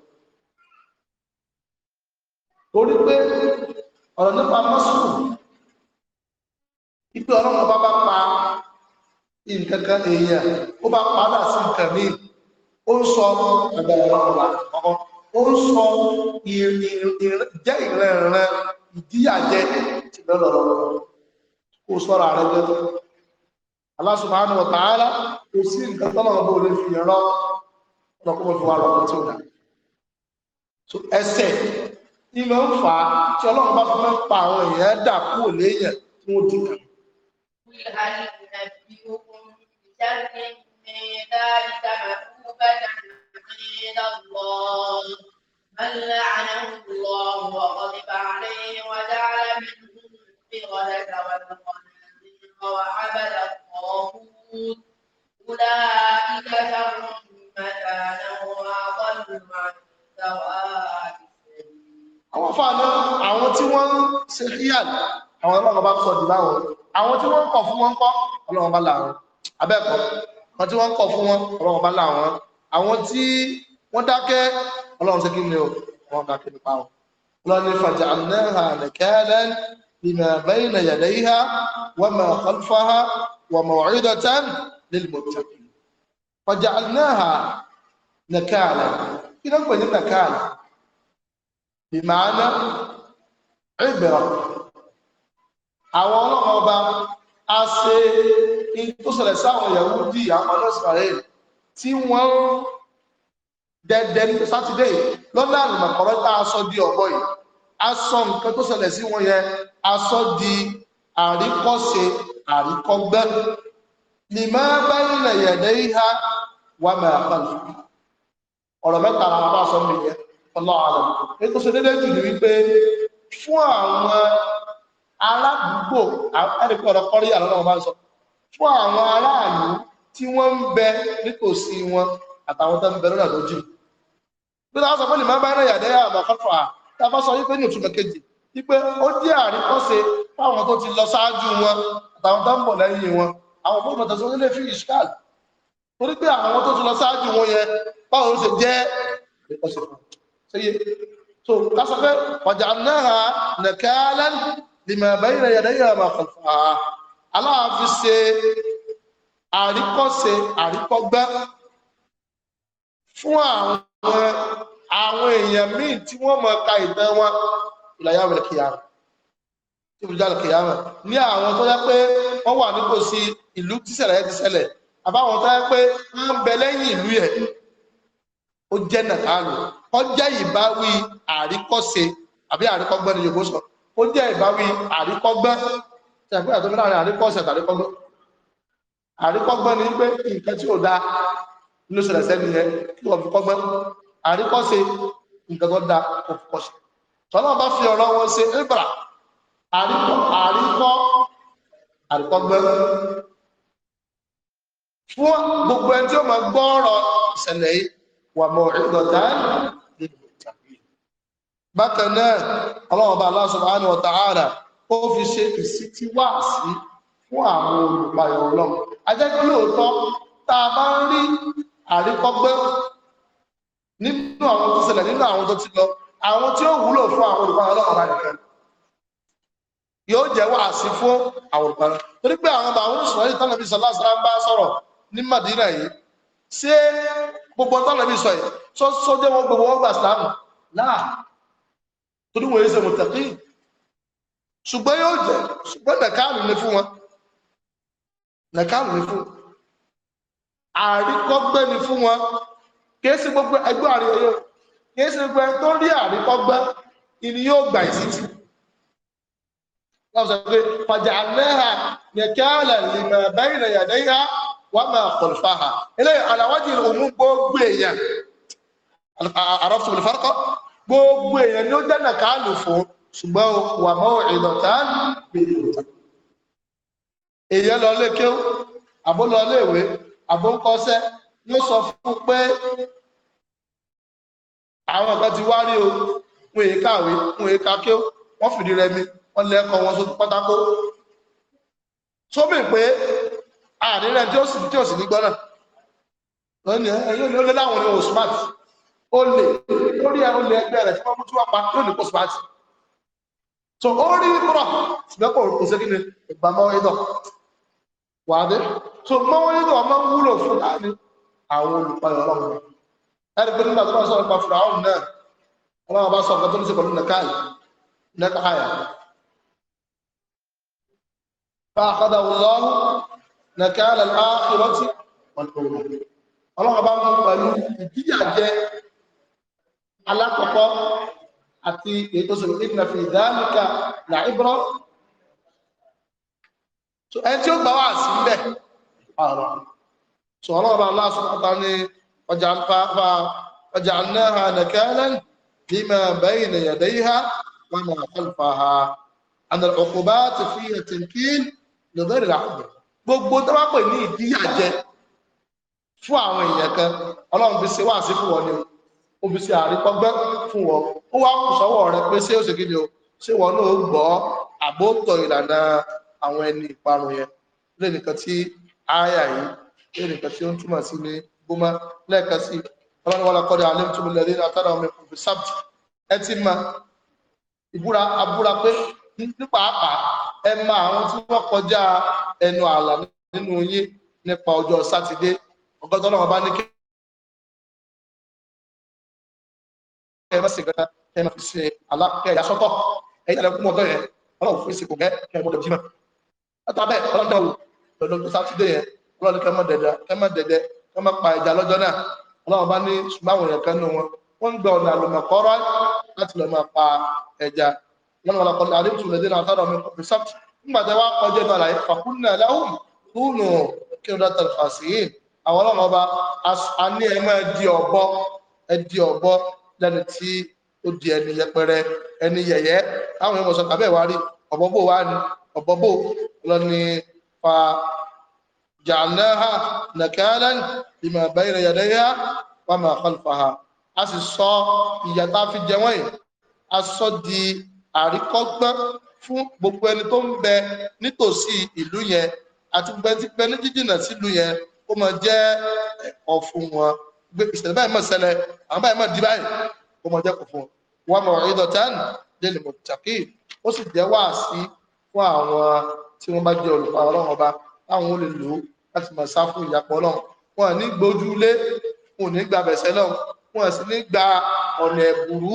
torí pé ọ̀rọ̀ nípa mọ́sùlùmí bí ọlọ́run bá bá pa nǹkan kan èèyàn ó bá padà sí nǹkan míì ó ń sọ agbára ọlọ́run wa kọ́kọ́ ó ń sọ jẹ́ ìrẹ̀rẹ̀ ìdíyàjẹ́ ti lọ́lọ́ kó sọ́ra rẹ jẹ́ Allah subhanahu wa ta'ala kò sí nǹkan tọ́lọ́run bó lè fi rán ọlọ́kùnrin fún wa lọ́kùn tí ó dà so ẹsẹ̀ ni ló ń fà á tí ọlọ́run bá fi máa ń pa àwọn èèyàn dà kúrò léèyàn tí wọ́n dì kàn قل هل أنبئكم بشر من ذلك مكتوبة عند الله من لعنه الله وغضب عليه وجعل منهم القردة والخنازير وعبد الطاغوت أولئك شر مكانا وأضل عن سواء àwọn afáàná àwọn tí wọ́n ń ṣe híyàn àwọn ọlọ́run bá sọ jù láwọn àwọn tí wọ́n ń kọ̀ fún wọn kọ́ ọlọ́run bá láwọn abẹ́ẹ̀kọ́ àwọn tí wọ́n ń kọ̀ fún wọn ọlọ́run bá láwọn àwọn tí wọ́n dákẹ́ ọlọ́run sí kí ni o wọ́n dákẹ́ nípa wọn lọ́ni fàjànáhà nìkẹ́lẹ́ bima bayna yadayha wa ma khalfaha wa maw'idatan lilmuttaqin fàjànáhà nìkẹ́lẹ́ kí ló ń pè ní nìkẹ́lẹ́ bima ana ibra àwọn ọlọ́run ọba a ṣe tó ṣẹlẹ̀ sáwọn Yahudi àwọn ọlọ́sàrẹ̀ tí wọ́n dẹ̀dẹ̀ ní sátidé lọ́nà àlùmọ̀kọ́rọ́ tá a sọ di ọ̀bọ yìí a sọ nǹkan tó ṣẹlẹ̀ sí wọn yẹn a sọ di àríkọ́ṣe àríkọ́gbẹ́ lima bayna yadayha wa ma khalfaha ọ̀rọ̀ mẹ́ta làwọn bá sọ nìyẹn ọlọ́run àlọ́ ètò ṣe déédéé jù ní wípé fún àwọn aládùúgbò ẹ̀rẹ́kọ̀ ọ̀rọ̀ kọ́rí àlọ́lọ́wọ́ bá ń sọ fún àwọn aráàlú tí wọ́n ń bẹ nítòsí wọn àtàwọn tó ń bẹ lọ́nà lójú bí wọ́n sọ fún ìmọ̀ bá rẹ̀ yàdẹ́ àmọ̀kọ́fà tàbá sọ wípé ní òtúnmọ̀ kejì wípé ó jẹ́ àríkọ́ṣe fáwọn tó ti lọ ṣáájú wọn àtàwọn tó ń bọ̀ lẹ́yìn wọn àwọn fún ìmọ̀tẹ̀sí orílẹ̀ fi ìṣkáàlì torí pé àwọn tó ti lọ ṣáájú wọn yẹn báwo ló ṣe jẹ́ àríkọ́ṣe fún ṣe yé so lásọ ọjà náà nàkàlẹ́ lima bayna yadayya ma khalfaha aláàfin ṣe àríkọ́ṣe àríkọ́gbá fún àwọn àwọn èèyàn míì tí wọ́n mọ̀ ka ìtàn wọn ìlàyà rẹ̀ kìyàmù tí wọ́n jáde kìyàmù ní àwọn tó yẹ pé wọ́n wà nítòsí ìlú tíṣẹ̀lẹ̀ ti ṣẹlẹ̀ àbáwọn tó yẹ pé wọ́n ń bẹ lẹ́yìn ìlú yẹn ó jẹ́ nàkàlù ó jẹ́ ìbáwí àríkọ́ṣe àbí àríkọ́gbọ́n ni Yorùbá sọ̀rọ̀ ó jẹ́ ìbáwí àríkọ́gbọ́n tẹ̀gbẹ́ àtọ́mí láàrin àríkọ́sẹ̀ àríkọ́gbọ́n àríkọ́gbọ́n ni pé nǹkan tí ó dáa ló ṣẹlẹ̀ sẹ́ni yẹn kí wọ́n fi kọ́gbọ́n àríkọ́sẹ̀ nǹkan tó dáa kò fi kọ́sẹ̀ tọ́lá bá fi ọ̀rọ̀ wọn ṣe ibra àríkọ́ àríkọ́ àríkọ́gbọ́n fún gbogbo ẹni tí ó máa gbọ́ ọ̀rọ̀ ìṣẹ̀lẹ̀ yìí wà mọ̀ ìdọ̀tà bákan náà ọlọ́run bá Allah subhanahu wa ta'ala ó fi ṣe ìsítí wá sí fún àwọn olùpayọ̀ ọlọ́run a jẹ́ kí lóòótọ́ tá a bá ń rí àríkọ́gbẹ́ nínú àwọn tó ṣẹlẹ̀ nínú àwọn tó ti lọ àwọn tí ó wúlò fún àwọn olùpayọ̀ ọlọ́run bá nìkan yóò jẹ́ wá sí fún àwọn olùpayọ̀ torí pé àwọn bàwọn ìṣòro ìtàn nàbí sọlá sọlá ń bá sọ̀rọ̀ ní Madina yìí ṣé gbogbo tọ́lẹ̀ mi sọ yìí sọ́jọ́ wọn gbogbo wọn gbà náà torí wọn ẹsẹ mọtàkì ṣùgbọ́n yóò jẹ ṣùgbọ́n nàkàlù ní fún wọn nàkàlù ní fún àríkọ́gbẹ́ ní fún wọn kéésì gbogbo ẹgbẹ́ àríyọ yóò kéésì gbogbo ẹni tó rí àríkọ́gbẹ́ ìní yóò gbà ìsìtì wọn sọ pé fàjà àlẹ́hà nàkàlà lìmọ̀ bẹ́yìn nàyàdẹ́yà wọ́n máa kọ̀lùfà ha eléyìí àlàwájú ìlú gbogbo èèyàn àrọ́fùlùfàkọ́ gbogbo èèyàn ni ó dẹ́nà káàlù fún ṣùgbọ́n wà mọ́ ìdọ̀tà gbèrò èèyàn lọ lé kéw àbó lọ lé ìwé àbó ń kọ́sẹ́ yóò sọ fún pé àwọn kan ti wá rí o wọn èyí kàwé wọn èyí kakéw wọn fìdí rẹmi wọn lẹ́kọ̀ọ́ wọn sójú pátákó sómi pé àdínrẹ tí ó sì tí ó sì ní gbọ́nà lónìí ẹ̀yìn olè láwọn ni o smart ó lè lórí olè ẹgbẹ́ rẹ̀ tí wọ́n mú tí wọ́n pa yóò ní post so ó rí kúrọ̀ ṣùgbọ́n kò kò sí kíni ìgbà mọ́wédọ̀ wà á dé so mọ́wédọ̀ máa ń wúlò fún láàrin àwọn olùpayọ̀ ọlọ́run ẹni pé nígbà tó bá sọ̀rọ̀ nípa fúra ọ̀hún náà ọlọ́run bá sọ̀rọ̀ tó ní sí pẹ̀lú nìkáyì nìkáyà fàákàdà ọlọ́run nìkáyà lẹ́nu ákìrọ́tì mú pẹ̀lú ìdíyàjẹ́ alákọ̀ọ́kọ́ àti ètò sọ̀rọ̀ ìpìnà fi ìdáníkà là ìbọ́rọ̀ so ẹni tí ó gbà wà sí bẹ̀ ọ̀rọ̀ so ọlọ́run Allah subhanahu wa ta'ala ní ọjà ń pa fa ọjà náà nàkẹ́lẹ́n lima bayna yadayha wa ma khalfaha an al-uqubati fiha tamkin li ghayri ó fi ṣe àríkọ́gbẹ́ fún wọn ó wá kù sọ́wọ́ rẹ pé ṣé ó ṣe kíni o ṣé wọn náà gbọ́ àbótọ̀ ìlànà àwọn ẹni ìparun yẹn lé nìkan tí àyà yìí lé nìkan tí ó ń túmọ̀ sí ní gbọ́mọ́ lẹ́ẹ̀kan sí ọlọ́run wọn lọ́kọ́ dé alẹ́ tó lẹ́rí àtàrà ọmọ ẹ̀kọ́ fi sábà ẹ ti mọ ìbúra abúra pé nípa ẹ máa àwọn tí wọ́n kọjá ẹnu ààlà nínú yín nípa ọjọ́ sátidé ọgọ́tọ́ náà wọn bá ní kí kẹ́ ẹ má ṣe gẹ́gẹ́ kẹ́ ẹ má fi ṣe alá kẹ́ ẹ̀yà sọ́tọ̀ ẹ̀yìn àlẹ́ kúmọ̀ ọ̀dọ́ yẹn ọlọ́run fún ìsìnkú gẹ́ kẹ́ ẹ mọ́tò jimá látà bẹ́ẹ̀ ọlọ́dọ̀ wò lọ́dọ̀ sátidé yẹn ọlọ́run kẹ́ ẹ má dẹ̀dẹ̀ kẹ́ ẹ má dẹ̀dẹ̀ kẹ́ ẹ má pa ẹja lọ́jọ́ náà ọlọ́run bá ní sùmáwọn yẹn kan nù wọn wọ́n ń gba ọ̀nà àlùmọ̀kọ́rọ́ láti lọ́ọ́ máa pa ẹja lọ́nà wọn kọ́ni àdébùtù lẹ́dẹ̀ náà sọ́dọ̀ mi kọ́ni sọ́ọ̀tù nígbà tí kọjá ìlú àlàyé fàkúnnà láwùm kúnnù kí ló dátà fàṣíyìn àwọn ọlọ́run ọba a ẹ máa di ọ̀bọ ẹ di ọ̀bọ lẹ́ni tí ó di ẹni yẹpẹrẹ ẹni yẹ̀yẹ́ àwọn èèyàn sọ tàbẹ́ wá rí ọ̀bọ̀bọ̀ wá ní ọ̀bọ̀bọ̀ lọ ní fa jàǹdáhà nàkàlẹ́ ìmọ̀ àbẹ́rẹ́ yàdẹ́yà wà máa kọlùfàhà a sì sọ ìyàtà fi jẹ wọ́n yìí a sọ di àríkọ́gbọ́n fún gbogbo ẹni tó ń bẹ nítòsí ìlú yẹn àti gbogbo jíjìnà sílùú yẹn ó máa jẹ́ ẹ̀kọ́ fún wọn gbé ìṣẹ̀lẹ̀ báyìí mọ̀ ṣẹlẹ̀ àwọn báyìí mọ̀ di báyìí kó mọ̀ jẹ́ kò fún wọn mọ̀ ọ̀rẹ́ dọ̀tán lẹ́nu mọ̀ jàkì ó sì jẹ́ wá sí fún àwọn tí wọ́n bá jẹ́ olùpa ọlọ́run ọba táwọn ó lè lò ó láti mọ̀ sá fún ìyàpọ̀ ọlọ́run wọn ní gbójú lé wọn ò ní gba bẹ̀sẹ̀ lọ wọn sì ní gba ọ̀nà ẹ̀bùrú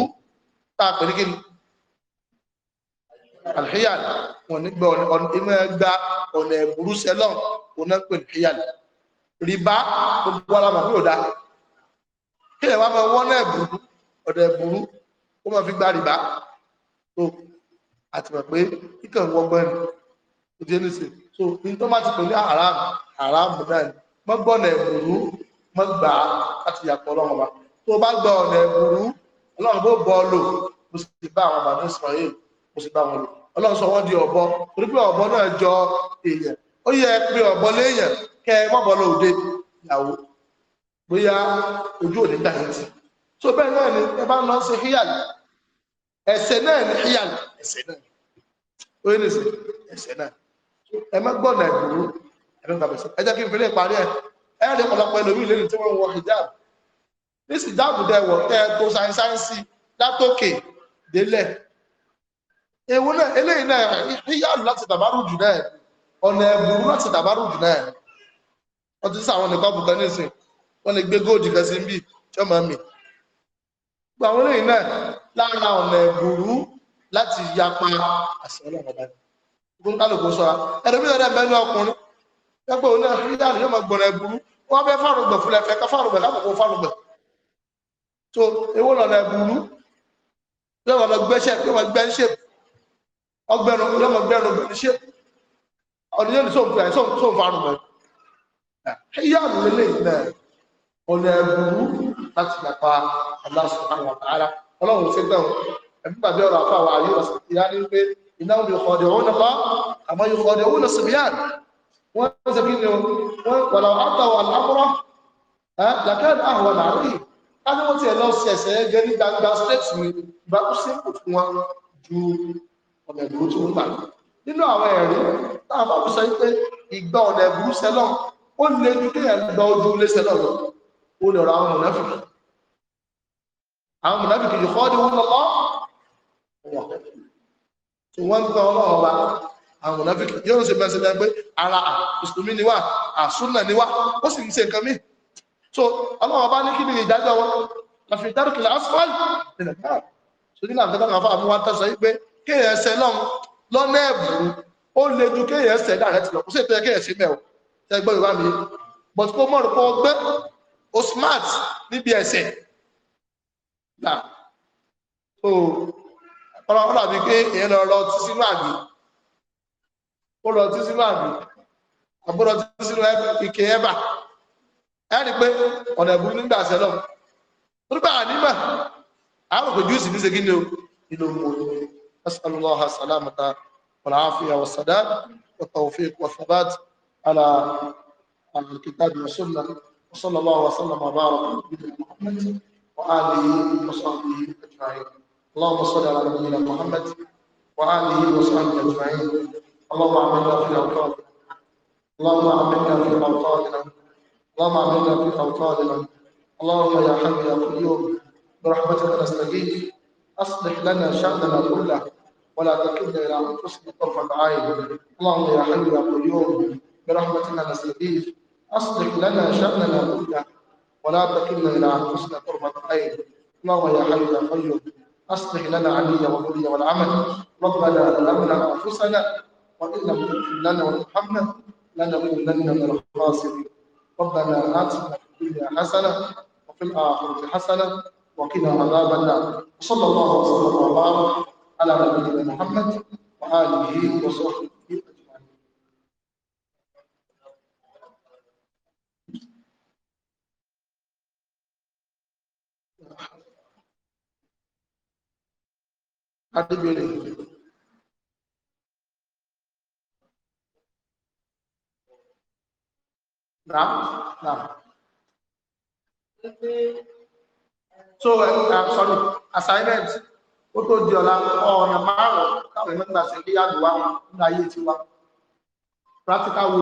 tá a pè ní kíni alhiyal wọn ní gba ọ̀nà ẹ̀bùrú sẹ́lọ̀ wọn náà pè ní hiyal rìbá gbogbo alamọ̀ bí dáa kí ẹ̀ wá máa wọ́n náà burú ọ̀dọ̀ ẹ̀ burú ó máa fi gba rìbá tó àti pé kíkàn wọgbọ́n ni kò jẹ́ níṣẹ́ tó ní tó má ti pè ní haram haram náà ni mọ́gbọ́n ẹ̀ burú mọ́ gbà á láti yàpọ̀ ọlọ́run ọba tó bá gba ọ̀nà ẹ̀ burú ọlọ́run bó bọ́ lò mo sì bá àwọn bàbá Israel mo sì bá wọn lò ọlọ́run sọ wọ́n di ọ̀bọ torí pé ọ̀bọ náà jọ èèyàn ó yẹ pé ọ̀bọ léèyàn kẹ mọ́bọ lóde ìyàwó bóyá ojú ò ní gbà yín tì so bẹ́ẹ̀ náà ni ẹ bá ń lọ sí híyàlì ẹ̀sẹ̀ náà ni híyàlì ẹ̀sẹ̀ náà ó yẹ nìsẹ̀ ẹ̀sẹ̀ náà ẹ má gbọ́nà ìgbòho ẹ̀rọ ìgbà bẹ̀sẹ̀ ẹ jẹ́ kí n fẹ́rẹ̀ parí ẹ̀ ẹ rí ọ̀pọ̀lọpọ̀ ẹlòmíì lẹ́nu tí wọ́n wọ hijab ní sì dáàbò dẹ wọ̀ tẹ́ ẹ tó sáyẹ́nsáyẹ́nsì látòkè délẹ̀ ewu náà eléyìí náà híyàlì láti dàbárù jù náà ọ̀nà ẹ̀bùrú láti dàbárù jù náà ọtí sáwọn nìkan bùkẹ́ nísìnyí wọ́n lè gbé góòdì kan sí bí jọmọ mi gbogbo àwọn eléyìí náà lára ọ̀nà ẹ̀bùrú láti yapa àṣẹ ọlọ́run ọba gbogbo kálukú sọra ẹ̀rọ̀mí ọ̀dẹ̀ mẹ́nu ọkùnrin pẹ́pẹ́ òun náà fúlẹ̀ àná yóò máa gbọ̀nà ẹ̀bùrú wọ́n fẹ́ fárùgbẹ̀ fúlẹ̀ fẹ́ ká fárùgbẹ̀ lákòókò fárùgbẹ̀ so ewó lọ́nà ẹ̀bùrú yóò máa lọ gbẹ́sẹ̀ yóò máa gbẹ́ ṣe ọgbẹ́rún yóò máa gbẹ́rún bẹ̀rẹ̀ ṣe ọ̀nìyàn ní sóun fárùgbẹ̀ ọ̀nà ẹ̀bùrú láti gbàpa Allah subhanahu wa ta'ala ọlọ́run sí gbẹ̀rún ẹ̀bí gbàgbé ọ̀rọ̀ àfà wà yóò sí ìyá ní pé iná ń lè kọ̀dẹ̀ òun nàkọ́ àmọ́ yóò kọ̀dẹ̀ òun nàsì bíyà wọ́n ń sọ kí ni wọ́n wàlà àtàwọ̀ àlámúrọ̀ làkàn àwọn àárín láti wọ́n ti ẹ̀ lọ sí ẹ̀sẹ̀ gẹ́ ní gbangba state mi ìgbà tó sí kò fún wọn ju ọ̀nà ìlú tó ń gbà nínú àwọn ẹ̀rí táwọn bá fi sọ pé ìgbà ọ̀nà ìbúrú sẹ́lọ̀ ó le ju kéèyàn gba ojú ilé sẹ́lọ̀ lọ ó ní ọ̀rọ̀ àwọn mùnáfíkì àwọn mùnáfíkì yìí kọ́ dìwọ́n lọ́wọ́ wọ́n tí wọ́n ń gbọ́ ọlọ́run ọba àwọn mùnáfíkì yóò ń ṣe bẹ́ẹ̀ sí bẹ́ẹ̀ pé ara mùsùlùmí ni wá àsúnà ni wá ó sì ń ṣe nǹkan míì so ọlọ́run ọba ní kí ni ìdájọ́ wọn láfi dárúkìlà asfáàlì nílẹ̀ náà ó smart níbi ẹ̀sẹ̀ náà so ọlọ́run dàbí pé èyàn lọ lọ tí sínú àgbè ó lọ tí sínú àgbè àbúrò tí sínú ike ẹ̀bà ẹni pé ọ̀nà ìbú nígbà sẹ́lọ̀ nígbà ànímọ̀ àwọn òkè júùsì ní segin ní ìlú òmù òyìnbó أسأل الله السلامة والعافية والسداد والتوفيق والثبات على الكتاب والسنة وصلى الله وسلم وبارك على نبينا محمد وآله وصحبه أجمعين اللهم صل على نبينا محمد وآله وصحبه أجمعين اللهم عملنا في أوطاننا اللهم عملنا في أوطاننا اللهم عملنا في أوطاننا اللهم يا حي يا قيوم برحمتك نستجيب أصلح لنا شأننا كله ولا تكلنا إلى أنفسنا طرفة عين اللهم يا حي يا قيوم برحمتك نستجيب أصلح لنا شأننا كله ولا تكلنا إلى أنفسنا قربة عين اللهم يا حي يا قيوم أصلح لنا علي وعلي والعمل ربنا ظلمنا أنفسنا وإن لم تغفر لنا وترحمنا لنكونن من الخاسرين ربنا آتنا في الدنيا حسنة وفي الآخرة حسنة وقنا عذاب النار وصلى الله وسلم وبارك على نبينا محمد وآله وصحبه adébẹ̀rẹ̀ náà náà so eh, i'm sorry assignment ó tó di ọ̀la ọ̀nà márùn-ún káwọn ìmọ̀gbà sí ilé àdúrà ní ayé tiwa practical way